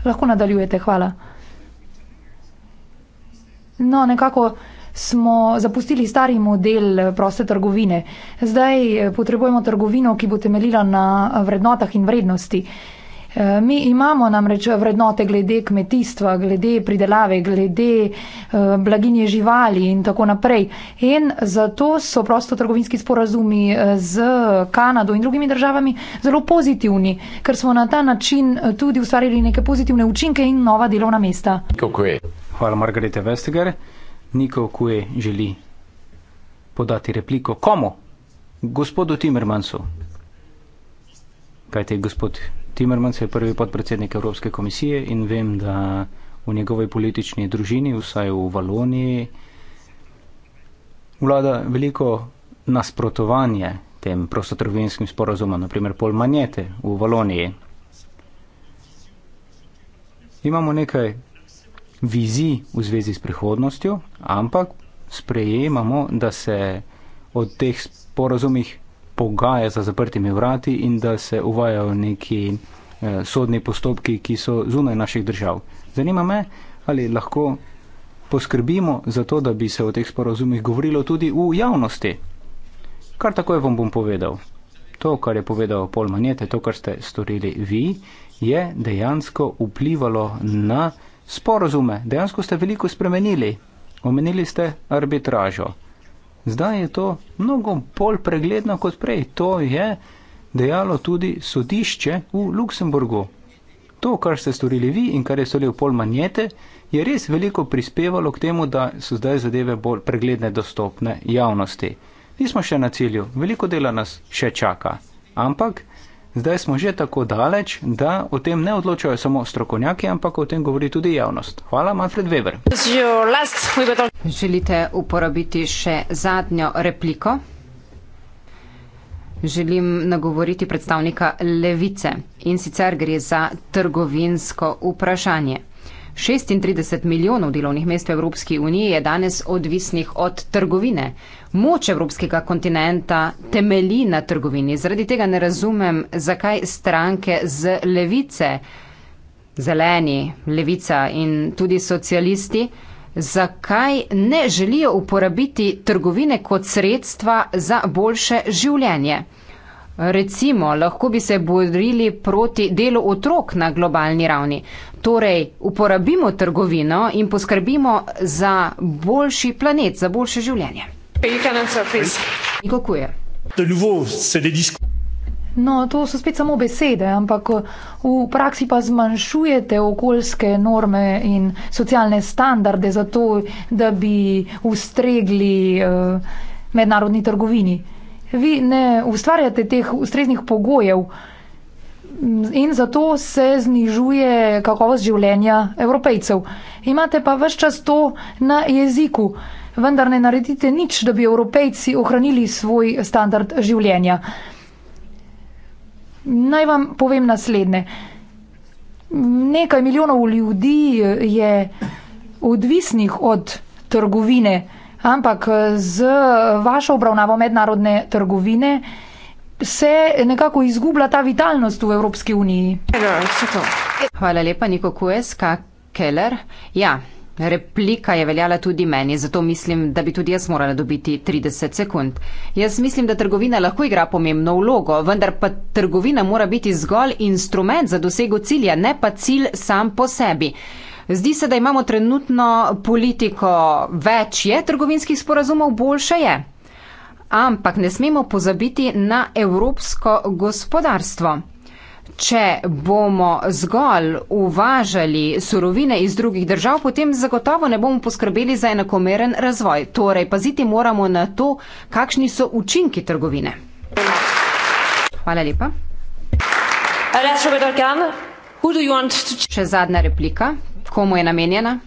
Lahko nadaljujete, hvala. No, nekako smo zapustili stari model eh, proste trgovine. Zdaj eh, potrebujemo trgovino, ki bo temeljila na vrednotah in vrednosti. Eh, mi imamo namreč vrednote glede kmetijstva, glede pridelave, glede blaginje živali in tako naprej. In zato so prosto trgovinski sporazumi z Kanado in drugimi državami zelo pozitivni, ker smo na ta način tudi ustvarili neke pozitivne učinke in nova delovna mesta. Kako je? Hvala, Margarete Vestiger. Niko Kuje želi podati repliko. Komu? Gospodu Timmermansu. Kajte, gospod Timmermans je prvi podpredsednik Evropske komisije in vem, da v njegovej politični družini, vsaj v Valoniji, vlada veliko nasprotovanje tem prostotrovinskim sporazumom, naprimer pol manjete v Valoniji. Imamo nekaj vizij v zvezi s prihodnostjo, ampak sprejemamo, da se o teh sporazumih pogaja za zaprtimi vrati in da se uvajajo neki eh, sodni postopki, ki so zunaj naših držav. Zanima me, ali lahko poskrbimo za to, da bi se o teh sporazumih govorilo tudi v javnosti. Kar takoj vam bom povedal. To, kar je povedal Paul Manjete, to, kar ste storili vi, je dejansko vplivalo na sporozume. Dejansko ste veliko spremenili. Omenili ste arbitražo. Zdaj je to mnogo bolj pregledno kot prej. To je dejalo tudi sodišče v Luksemburgu. To, kar ste storili vi in kar je storil pol manjete, je res veliko prispevalo k temu, da so zdaj zadeve bolj pregledne, dostopne javnosti. Nismo še na cilju, veliko dela nas še čaka. Ampak, Zdaj smo že tako daleč, da o tem ne odločajo samo strokovnjaki, ampak o tem govori tudi javnost. Hvala, Manfred Weber. Želite uporabiti še zadnjo repliko? Želim nagovoriti predstavnika levice in sicer gre za trgovinsko vprašanje. 36 milijonov delovnih mest v Evropski uniji je danes odvisnih od trgovine. Moč evropskega kontinenta temelji na trgovini. Zaradi tega ne razumem, zakaj stranke z levice, zeleni, levica in tudi socialisti, zakaj ne želijo uporabiti trgovine kot sredstva za boljše življenje. Recimo, lahko bi se borili proti delu otrok na globalni ravni torej uporabimo trgovino in poskrbimo za boljši planet, za boljše življenje. Kako je? No, to so spet samo besede, ampak v praksi pa zmanjšujete okoljske norme in socialne standarde za to, da bi ustregli uh, mednarodni trgovini. Vi ne ustvarjate teh ustreznih pogojev. Uh, in zato se znižuje kakovost življenja evropejcev. Imate pa vse čas to na jeziku, vendar ne naredite nič, da bi evropejci ohranili svoj standard življenja. Naj vam povem naslednje. Nekaj milijonov ljudi je odvisnih od trgovine, ampak z vašo obravnavo mednarodne trgovine se nekako izgublja ta vitalnost v Evropski uniji. Hvala lepa, Niko Kueska, Keller. Ja. Replika je veljala tudi meni, zato mislim, da bi tudi jaz morala dobiti 30 sekund. Jaz mislim, da trgovina lahko igra pomembno vlogo, vendar pa trgovina mora biti zgolj instrument za dosego cilja, ne pa cilj sam po sebi. Zdi se, da imamo trenutno politiko, več je trgovinskih sporazumov, boljše je. Ampak ne smemo pozabiti na evropsko gospodarstvo. Če bomo zgolj uvažali surovine iz drugih držav, potem zagotovo ne bomo poskrbeli za enakomeren razvoj. Torej, paziti moramo na to, kakšni so učinki trgovine. Hvala lepa. Še zadnja replika. Komu je namenjena?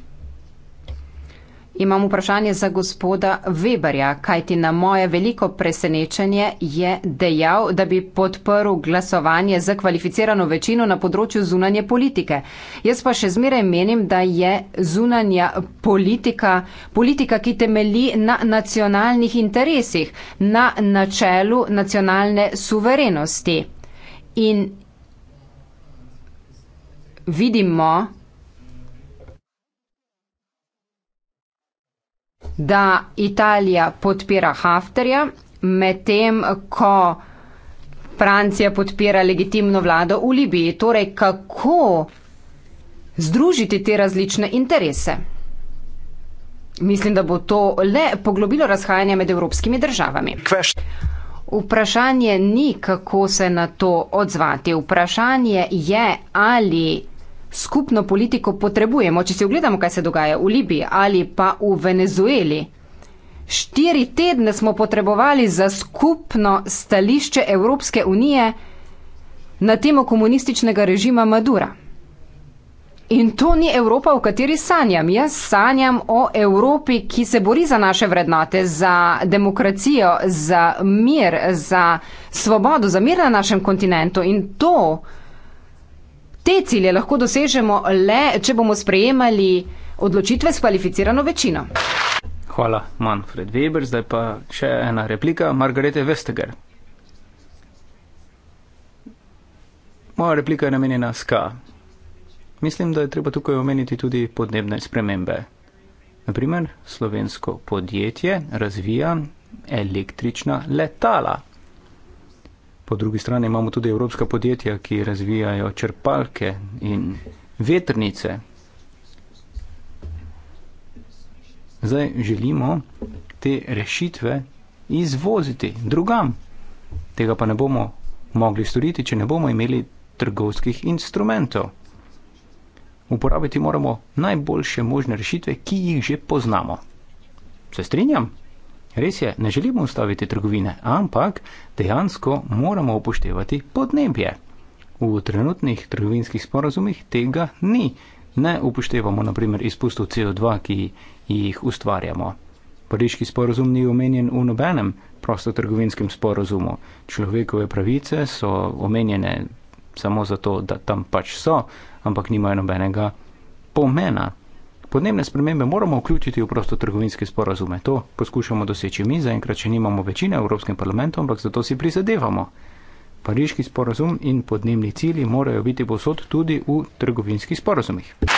Imam vprašanje za gospoda Weberja, kajti na moje veliko presenečenje je dejal, da bi podprl glasovanje za kvalificirano večino na področju zunanje politike. Jaz pa še zmeraj menim, da je zunanja politika politika, ki temeli na nacionalnih interesih, na načelu nacionalne suverenosti. In vidimo, da Italija podpira Haftarja, medtem ko Francija podpira legitimno vlado v Libiji. Torej, kako združiti te različne interese? Mislim, da bo to le poglobilo razhajanje med evropskimi državami. Vprašanje ni, kako se na to odzvati. Vprašanje je, ali skupno politiko potrebujemo, če si ogledamo, kaj se dogaja v Libiji ali pa v Venezueli. Štiri tedne smo potrebovali za skupno stališče Evropske unije na temo komunističnega režima Madura. In to ni Evropa, v kateri sanjam. Jaz sanjam o Evropi, ki se bori za naše vrednote, za demokracijo, za mir, za svobodo, za mir na našem kontinentu. In to, kar Te cilje lahko dosežemo le, če bomo sprejemali odločitve s kvalificirano večino. Hvala, Manfred Weber. Zdaj pa še ena replika Margarete Vesteger. Moja replika je namenjena SKA. Mislim, da je treba tukaj omeniti tudi podnebne spremembe. Naprimer, slovensko podjetje razvija električna letala. Po drugi strani imamo tudi evropska podjetja, ki razvijajo črpalke in vetrnice. Zdaj želimo te rešitve izvoziti drugam. Tega pa ne bomo mogli storiti, če ne bomo imeli trgovskih instrumentov. Uporabiti moramo najboljše možne rešitve, ki jih že poznamo. Se strinjam? Res je, ne želimo ustaviti trgovine, ampak dejansko moramo upoštevati podnebje. V trenutnih trgovinskih sporazumih tega ni. Ne upoštevamo naprimer izpustov CO2, ki jih ustvarjamo. Pariški sporazum ni omenjen v nobenem prostotrgovinskem sporazumu. Človekove pravice so omenjene samo zato, da tam pač so, ampak nimajo nobenega pomena. Podnebne spremembe moramo vključiti v prostotrgovinske sporazume. To poskušamo doseči mi, zaenkrat še nimamo večine v Evropskem parlamentu, ampak zato si prizadevamo. Pariški sporazum in podnebni cilji morajo biti posod tudi v trgovinskih sporazumih. Uh,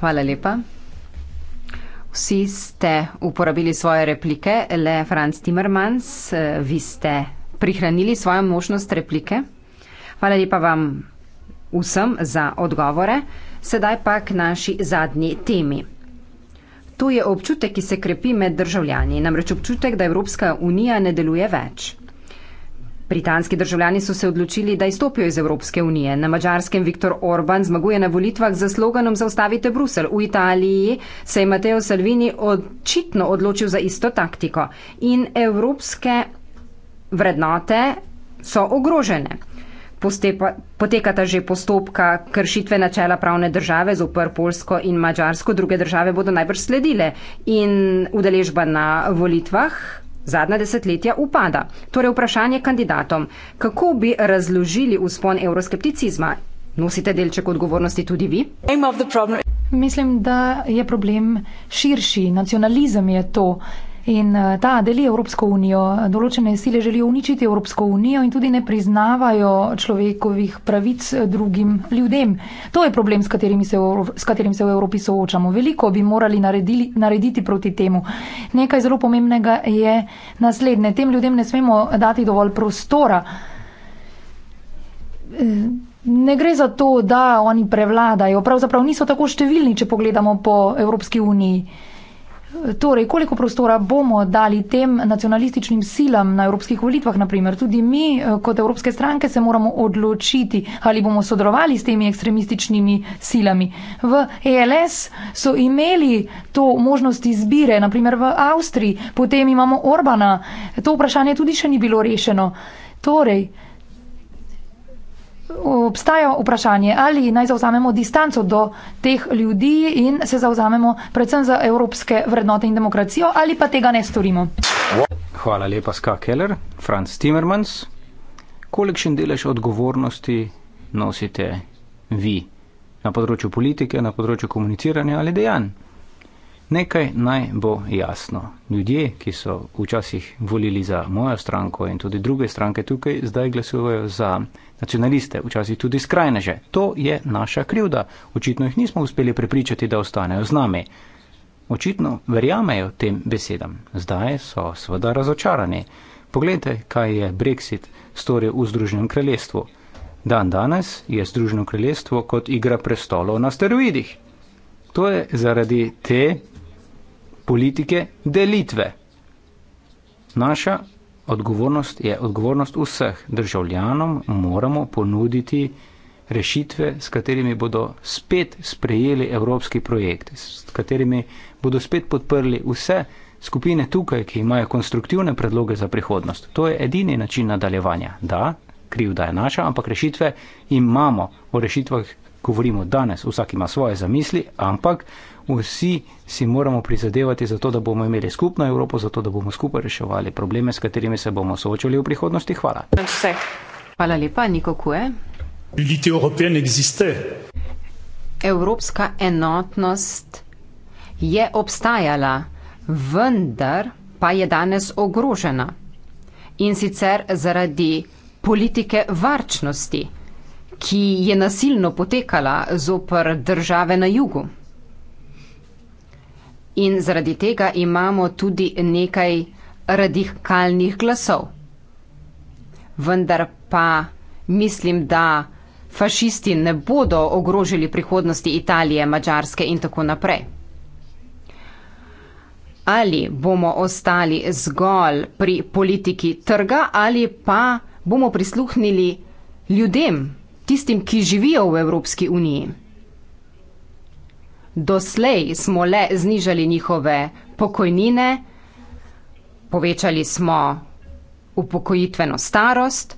Hvala lepa. Vsi ste uporabili svoje replike, le Franz Timmermans, eh, vi ste prihranili svojo možnost replike. Hvala lepa vam vsem za odgovore, sedaj pa k naši zadnji temi. To je občutek, ki se krepi med državljani, namreč občutek, da Evropska unija ne deluje več. Britanski državljani so se odločili, da izstopijo iz Evropske unije. Na mačarskem Viktor Orban zmaguje na volitvah za sloganom Zaustavite Brusel. V Italiji se je Mateo Salvini očitno odločil za isto taktiko in evropske vrednote so ogrožene postepa, potekata že postopka kršitve načela pravne države z opr Polsko in Mačarsko. Druge države bodo najbrž sledile in udeležba na volitvah zadnja desetletja upada. Torej vprašanje kandidatom, kako bi razložili vzpon euroskepticizma? Nosite delček odgovornosti tudi vi? Mislim, da je problem širši. Nacionalizem je to, In eh, ta deli Evropsko unijo. Določene sile želijo uničiti Evropsko unijo in tudi ne priznavajo človekovih pravic eh, drugim ljudem. To je problem, s katerim se, s katerim se v Evropi soočamo. Veliko bi morali naredili, narediti proti temu. Nekaj zelo pomembnega je naslednje. Tem ljudem ne smemo dati dovolj prostora. Eh, ne gre za to, da oni prevladajo. Pravzaprav niso tako številni, če pogledamo po Evropski uniji. Torej, koliko prostora bomo dali tem nacionalističnim silam na evropskih volitvah, naprimer? Tudi mi eh, kot evropske stranke se moramo odločiti, ali bomo sodelovali s temi ekstremističnimi silami. V ELS so imeli to možnost izbire, naprimer v Avstriji, potem imamo Orbana. To vprašanje tudi še ni bilo rešeno. Torej, obstaja vprašanje, ali naj zauzamemo distanco do teh ljudi in se zauzamemo predvsem za evropske vrednote in demokracijo, ali pa tega ne storimo. Hvala lepa, Ska Keller, Franz Timmermans. Kolikšen delež odgovornosti nosite vi na področju politike, na področju komuniciranja ali dejanj? Nekaj naj bo jasno. Ljudje, ki so včasih volili za mojo stranko in tudi druge stranke tukaj, zdaj glasujejo za nacionaliste, včasih tudi skrajneže. To je naša krivda. Očitno jih nismo uspeli prepričati, da ostanejo z nami. Očitno verjamejo tem besedam. Zdaj so seveda razočarani. Poglejte, kaj je Brexit storil v Združenem kraljestvu. Dan danes je Združeno kraljestvo kot igra prestolov na steroidih. To je zaradi te politike delitve. Naša odgovornost je odgovornost vseh državljanom, moramo ponuditi rešitve, s katerimi bodo spet sprejeli evropski projekt, s katerimi bodo spet podprli vse skupine tukaj, ki imajo konstruktivne predloge za prihodnost. To je edini način nadaljevanja. Da, krivda je naša, ampak rešitve imamo. O rešitvah govorimo danes, vsak ima svoje zamisli, ampak vsi si moramo prizadevati za to, da bomo imeli skupno Evropo, za to, da bomo skupaj reševali probleme, s katerimi se bomo soočali v prihodnosti. Hvala. Hvala lepa, Niko Kue. L'unité européenne existait. Evropska enotnost je obstajala, vendar pa je danes ogrožena. In sicer zaradi politike varčnosti, ki je nasilno potekala zopr države na jugu in zaradi tega imamo tudi nekaj radikalnih glasov. Vendar pa mislim, da fašisti ne bodo ogrožili prihodnosti Italije, Mačarske in tako naprej. Ali bomo ostali zgolj pri politiki trga ali pa bomo prisluhnili ljudem, tistim, ki živijo v Evropski uniji. Doslej smo le znižali njihove pokojnine, povečali smo upokojitveno starost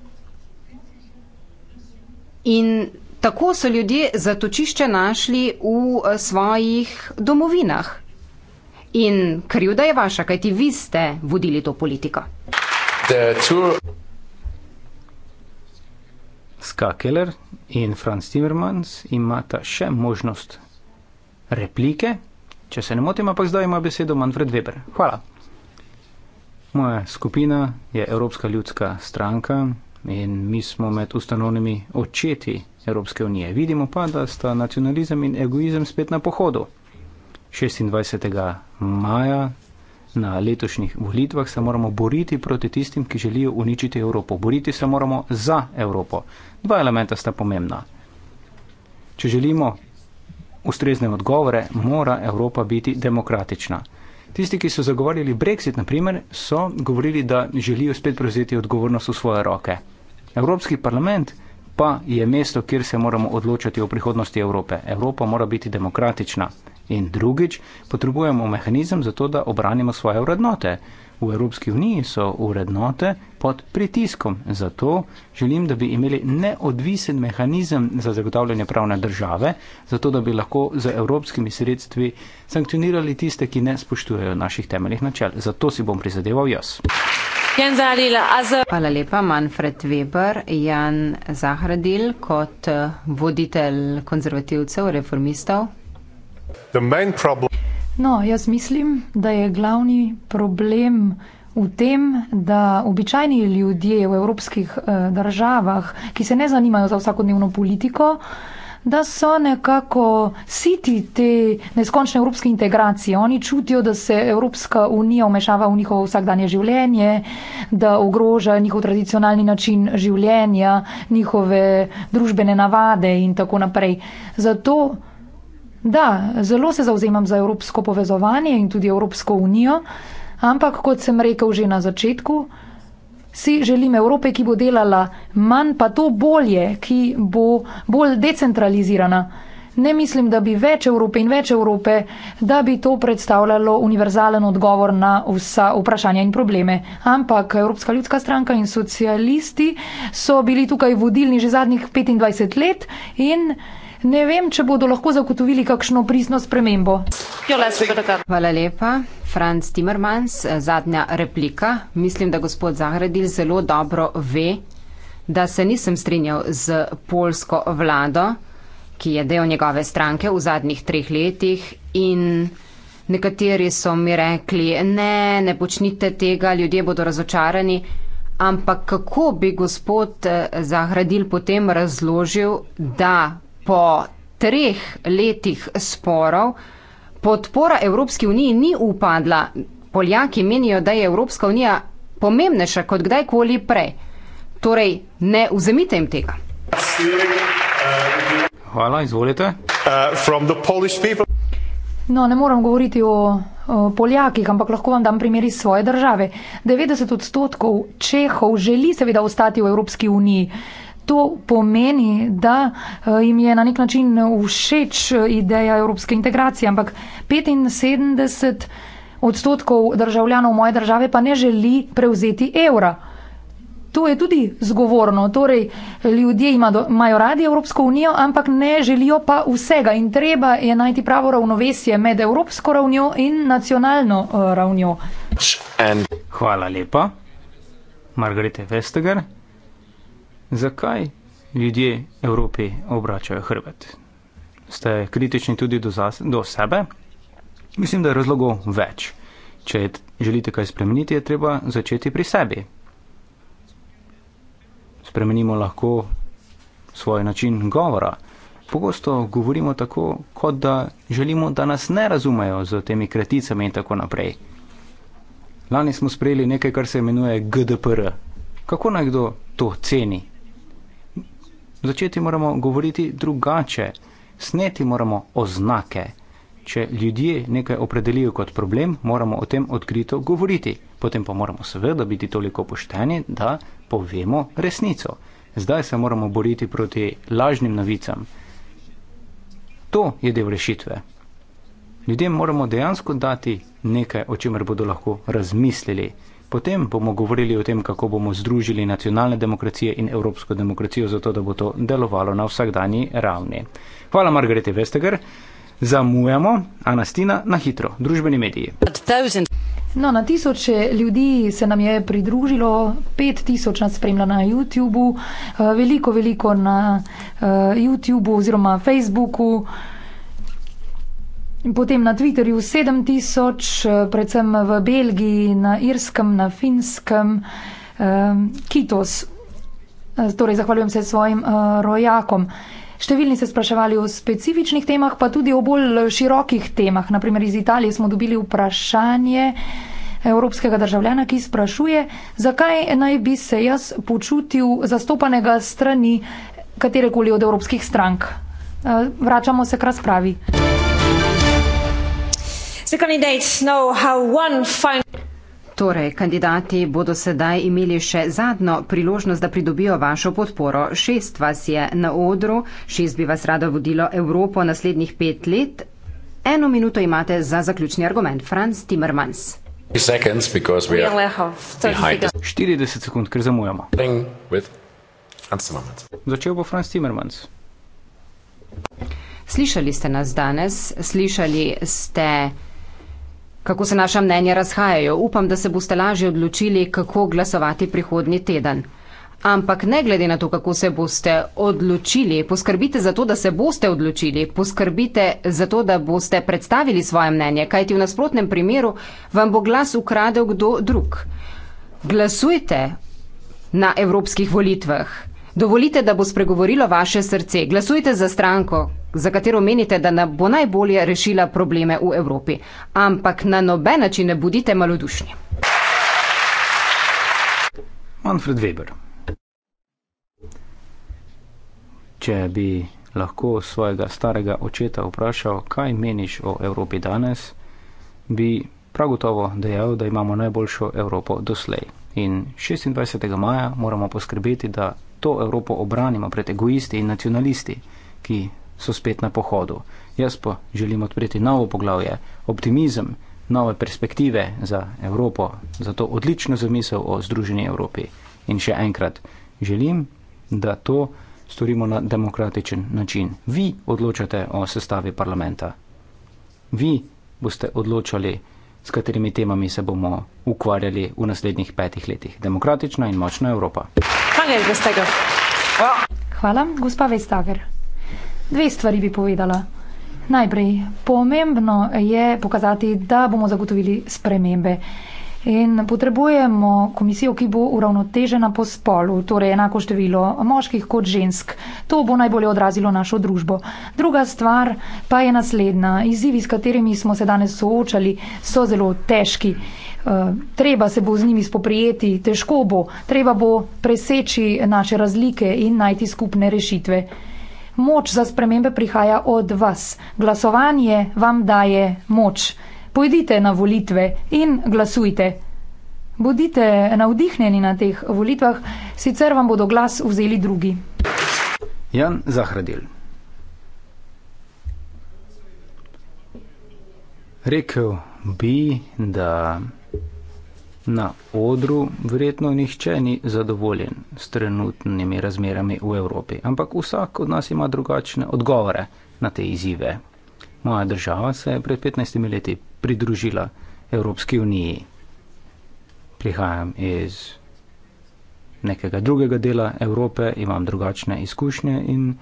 in tako so ljudje zatočišče našli v eh, svojih domovinah. In krivda je vaša, kajti vi ste vodili to politiko. Ska Keller in Franz Timmermans imata še možnost replike. Če se ne motim, ampak zdaj ima besedo Manfred Weber. Hvala. Moja skupina je Evropska ljudska stranka in mi smo med ustanovnimi očeti Evropske unije. Vidimo pa, da sta nacionalizem in egoizem spet na pohodu. 26. maja na letošnjih volitvah se moramo boriti proti tistim, ki želijo uničiti Evropo. Boriti se moramo za Evropo. Dva elementa sta pomembna. Če želimo ustrezne odgovore, mora Evropa biti demokratična. Tisti, ki so zagovarjali Brexit, naprimer, so govorili, da želijo spet prevzeti odgovornost v svoje roke. Evropski parlament pa je mesto, kjer se moramo odločati o prihodnosti Evrope. Evropa mora biti demokratična. In drugič, potrebujemo mehanizem za to, da obranimo svoje vrednote. V Evropski uniji so urednote pod pritiskom. Zato želim, da bi imeli neodvisen mehanizem za zagotavljanje pravne države, zato da bi lahko z evropskimi sredstvi sankcionirali tiste, ki ne spoštujejo naših temeljnih načel. Zato si bom prizadeval jaz. Hvala lepa, Manfred Weber, Jan Zahradil kot voditelj konzervativcev, reformistov. No, jaz mislim, da je glavni problem v tem, da običajni ljudje v evropskih eh, državah, ki se ne zanimajo za vsakodnevno politiko, da so nekako siti te neskončne evropske integracije. Oni čutijo, da se Evropska unija umešava v njihovo vsakdanje življenje, da ogroža njihov tradicionalni način življenja, njihove družbene navade in tako naprej. Zato Da, zelo se zauzemam za evropsko povezovanje in tudi Evropsko unijo, ampak kot sem rekel že na začetku, si želim Evrope, ki bo delala manj, pa to bolje, ki bo bolj decentralizirana. Ne mislim, da bi več Evrope in več Evrope, da bi to predstavljalo univerzalen odgovor na vsa vprašanja in probleme. Ampak Evropska ljudska stranka in socialisti so bili tukaj vodilni že zadnjih 25 let in ne vem, če bodo lahko zagotovili kakšno prisno spremembo. Hvala lepa. Franz Timmermans, zadnja replika. Mislim, da gospod Zahredil zelo dobro ve, da se nisem strinjal z polsko vlado, ki je del njegove stranke v zadnjih treh letih in nekateri so mi rekli, ne, ne počnite tega, ljudje bodo razočarani. Ampak kako bi gospod eh, Zahradil potem razložil, da po treh letih sporov podpora Evropski uniji ni upadla. Poljaki menijo, da je Evropska unija pomembnejša kot kdajkoli prej. Torej, ne vzemite jim tega. Hvala, izvolite. Uh, no, ne moram govoriti o, o Poljakih, ampak lahko vam dam primer iz svoje države. 90 odstotkov Čehov želi seveda ostati v Evropski uniji. To pomeni, da eh, jim je na nek način všeč eh, ideja evropske integracije, ampak 75 odstotkov državljanov moje države pa ne želi prevzeti evra. To je tudi zgovorno. Torej, ljudje imajo radi Evropsko unijo, ampak ne želijo pa vsega. In treba je najti pravo ravnovesje med evropsko ravnjo in nacionalno eh, ravnjo. Hvala lepa, Margarete Vestager zakaj ljudje Evropi obračajo hrbet? Ste kritični tudi do, zas, do sebe? Mislim, da je razlogov več. Če želite kaj spremeniti, je treba začeti pri sebi. Spremenimo lahko svoj način govora. Pogosto govorimo tako, kot da želimo, da nas ne razumejo z temi kraticami in tako naprej. Lani smo sprejeli nekaj, kar se imenuje GDPR. Kako naj kdo to ceni, Začeti moramo govoriti drugače, sneti moramo oznake. Če ljudje nekaj opredelijo kot problem, moramo o tem odkrito govoriti. Potem pa moramo seveda biti toliko pošteni, da povemo resnico. Zdaj se moramo boriti proti lažnim novicam. To je del rešitve. Ljudem moramo dejansko dati nekaj, o čemer bodo lahko razmislili. Potem bomo govorili o tem, kako bomo združili nacionalne demokracije in evropsko demokracijo, zato da bo to delovalo na vsakdanji ravni. Hvala, Margarete Vestager. Zamujamo, Anastina, na hitro. Družbeni mediji. No, na tisoče ljudi se nam je pridružilo, pet tisoč nas spremlja na YouTubu, eh, veliko, veliko na eh, YouTubu oziroma Facebooku. Potem na Twitterju 7000, eh, predvsem v Belgiji, na Irskem, na Finskem. Eh, Kitos, eh, torej zahvaljujem se svojim rojakom. Številni se spraševali o specifičnih temah, pa tudi o bolj širokih temah. Naprimer iz Italije smo dobili vprašanje evropskega državljana, ki sprašuje, zakaj naj bi se jaz počutil zastopanega strani katerekoli od evropskih strank. Vračamo se k razpravi. Torej, kandidati bodo sedaj imeli še zadnjo priložnost, da pridobijo vašo podporo. Šest vas je na odru, šest bi vas rado vodilo Evropo naslednjih pet let. Eno minuto imate za zaključni argument. Franz Timmermans. 40 sekund, ker zamujamo. Začel bo Franz Timmermans. Slišali ste nas danes, slišali ste. Kako se naša mnenja razhajajo, upam, da se boste lažje odločili, kako glasovati prihodnji teden. Ampak ne glede na to, kako se boste odločili, poskrbite za to, da se boste odločili, poskrbite za to, da boste predstavili svoje mnenje, kajti v nasprotnem primeru vam bo glas ukradel kdo drug. Glasujte na evropskih volitvah. Dovolite, da bo spregovorilo vaše srce. Glasujte za stranko, za katero menite, da nam bo najbolje rešila probleme v Evropi. Ampak na noben način ne budite malodušni. Manfred Weber. Če bi lahko svojega starega očeta vprašal, kaj meniš o Evropi danes, bi prav gotovo dejal, da imamo najboljšo Evropo doslej. In 26. maja moramo poskrbeti, da to Evropo obranimo pred egoisti in nacionalisti, ki so spet na pohodu. Jaz pa želim odpreti novo poglavje, optimizem, nove perspektive za Evropo, za to odlično zamisel o Združeni Evropi. In še enkrat, želim, da to storimo na demokratičen način. Vi odločate o sestavi parlamenta. Vi boste odločali, s katerimi temami se bomo ukvarjali v naslednjih petih letih. Demokratična in močna Evropa. Hvala, gospa Vestager. Dve stvari bi povedala. Najprej, pomembno je pokazati, da bomo zagotovili spremembe. In potrebujemo komisijo, ki bo uravnotežena po spolu, torej enako število moških kot žensk. To bo najbolje odrazilo našo družbo. Druga stvar pa je naslednja. Izzivi, s katerimi smo se danes soočali, so zelo težki. Eh, treba se bo z njimi spoprijeti, težko bo, treba bo preseči naše razlike in najti skupne rešitve. Moč za spremembe prihaja od vas. Glasovanje vam daje moč. Pojdite na volitve in glasujte. Bodite navdihnjeni na teh volitvah, sicer vam bodo glas vzeli drugi. Jan Zahradil. Rekel bi, da. Na odru verjetno nihče ni zadovoljen s trenutnimi razmerami v Evropi, ampak vsak od nas ima drugačne odgovore na te izzive. Moja država se je pred 15 leti pridružila Evropski uniji. Prihajam iz nekega drugega dela Evrope, imam drugačne izkušnje in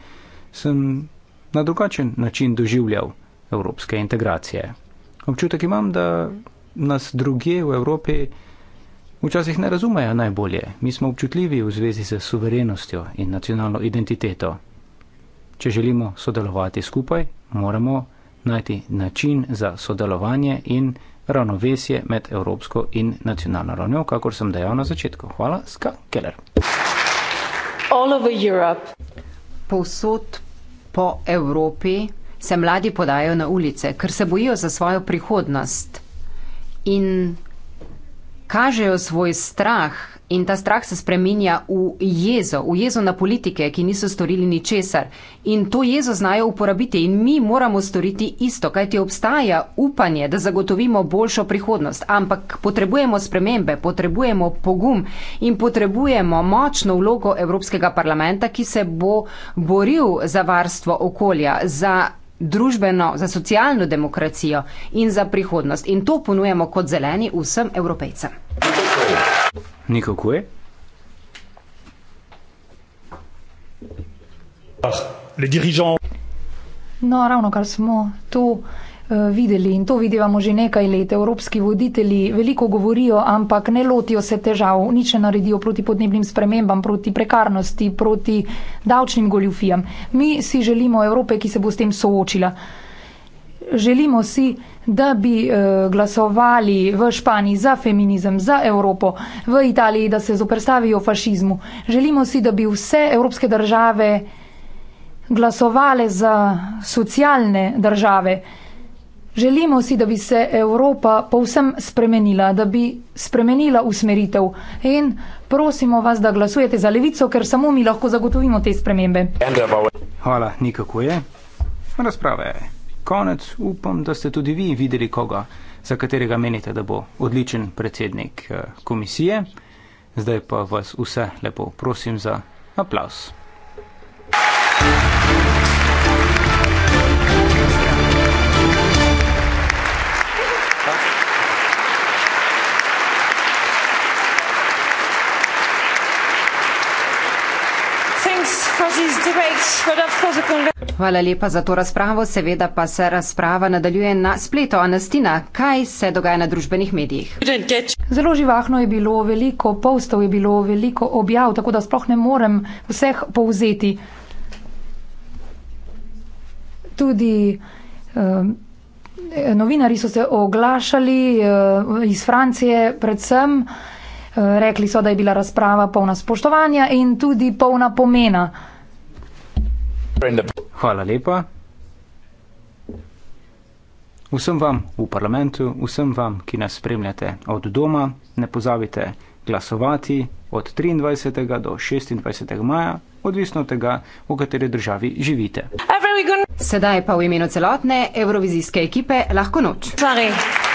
sem na drugačen način doživljal evropske integracije. Občutek imam, da nas druge v Evropi včasih ne razumejo najbolje. Mi smo občutljivi v zvezi z suverenostjo in nacionalno identiteto. Če želimo sodelovati skupaj, moramo najti način za sodelovanje in ravnovesje med evropsko in nacionalno ravnjo, kakor sem dejal na začetku. Hvala, Ska Keller. Povsod po Evropi se mladi podajo na ulice, ker se bojijo za svojo prihodnost. In kažejo svoj strah in ta strah se spreminja v jezo, v jezo na politike, ki niso storili ničesar. In to jezo znajo uporabiti in mi moramo storiti isto, kajti obstaja upanje, da zagotovimo boljšo prihodnost. Ampak potrebujemo spremembe, potrebujemo pogum in potrebujemo močno vlogo Evropskega parlamenta, ki se bo boril za varstvo okolja, za družbeno, za socialno demokracijo in za prihodnost. In to ponujemo kot zeleni vsem evropejcem. Nikako je? Ah, le dirigeant. No, ravno kar smo to eh, videli in to vidimo že nekaj let. Evropski voditelji veliko govorijo, ampak ne lotijo se težav, nič ne naredijo proti podnebnim spremembam, proti prekarnosti, proti davčnim goljufijam. Mi si želimo Evrope, ki se bo s tem soočila. Želimo si, da bi eh, glasovali v Španiji za feminizem, za Evropo, v Italiji, da se zoprstavijo fašizmu. Želimo si, da bi vse evropske države glasovale za socialne države. Želimo si, da bi se Evropa povsem spremenila, da bi spremenila usmeritev in prosimo vas, da glasujete za levico, ker samo mi lahko zagotovimo te spremembe. Hvala, nikako je. Razprave je. Konec. Upam, da ste tudi vi videli koga, za katerega menite, da bo odličen predsednik eh, komisije. Zdaj pa vas vse lepo prosim za aplaus. Hvala lepa za to razpravo. Seveda pa se razprava nadaljuje na spletu. Anastina, kaj se dogaja na družbenih medijih? Zelo živahno je bilo, veliko postov je bilo, veliko objav, tako da sploh ne morem vseh povzeti tudi eh, novinari so se oglašali eh, iz Francije predvsem. Eh, rekli so, da je bila razprava polna spoštovanja in tudi polna pomena. Hvala lepa. Vsem vam v parlamentu, vsem vam, ki nas spremljate od doma, ne pozabite glasovati od 23. do 26. maja, odvisno od tega, v kateri državi živite. Sedaj pa v imenu celotne evrovizijske ekipe lahko noč. Sorry.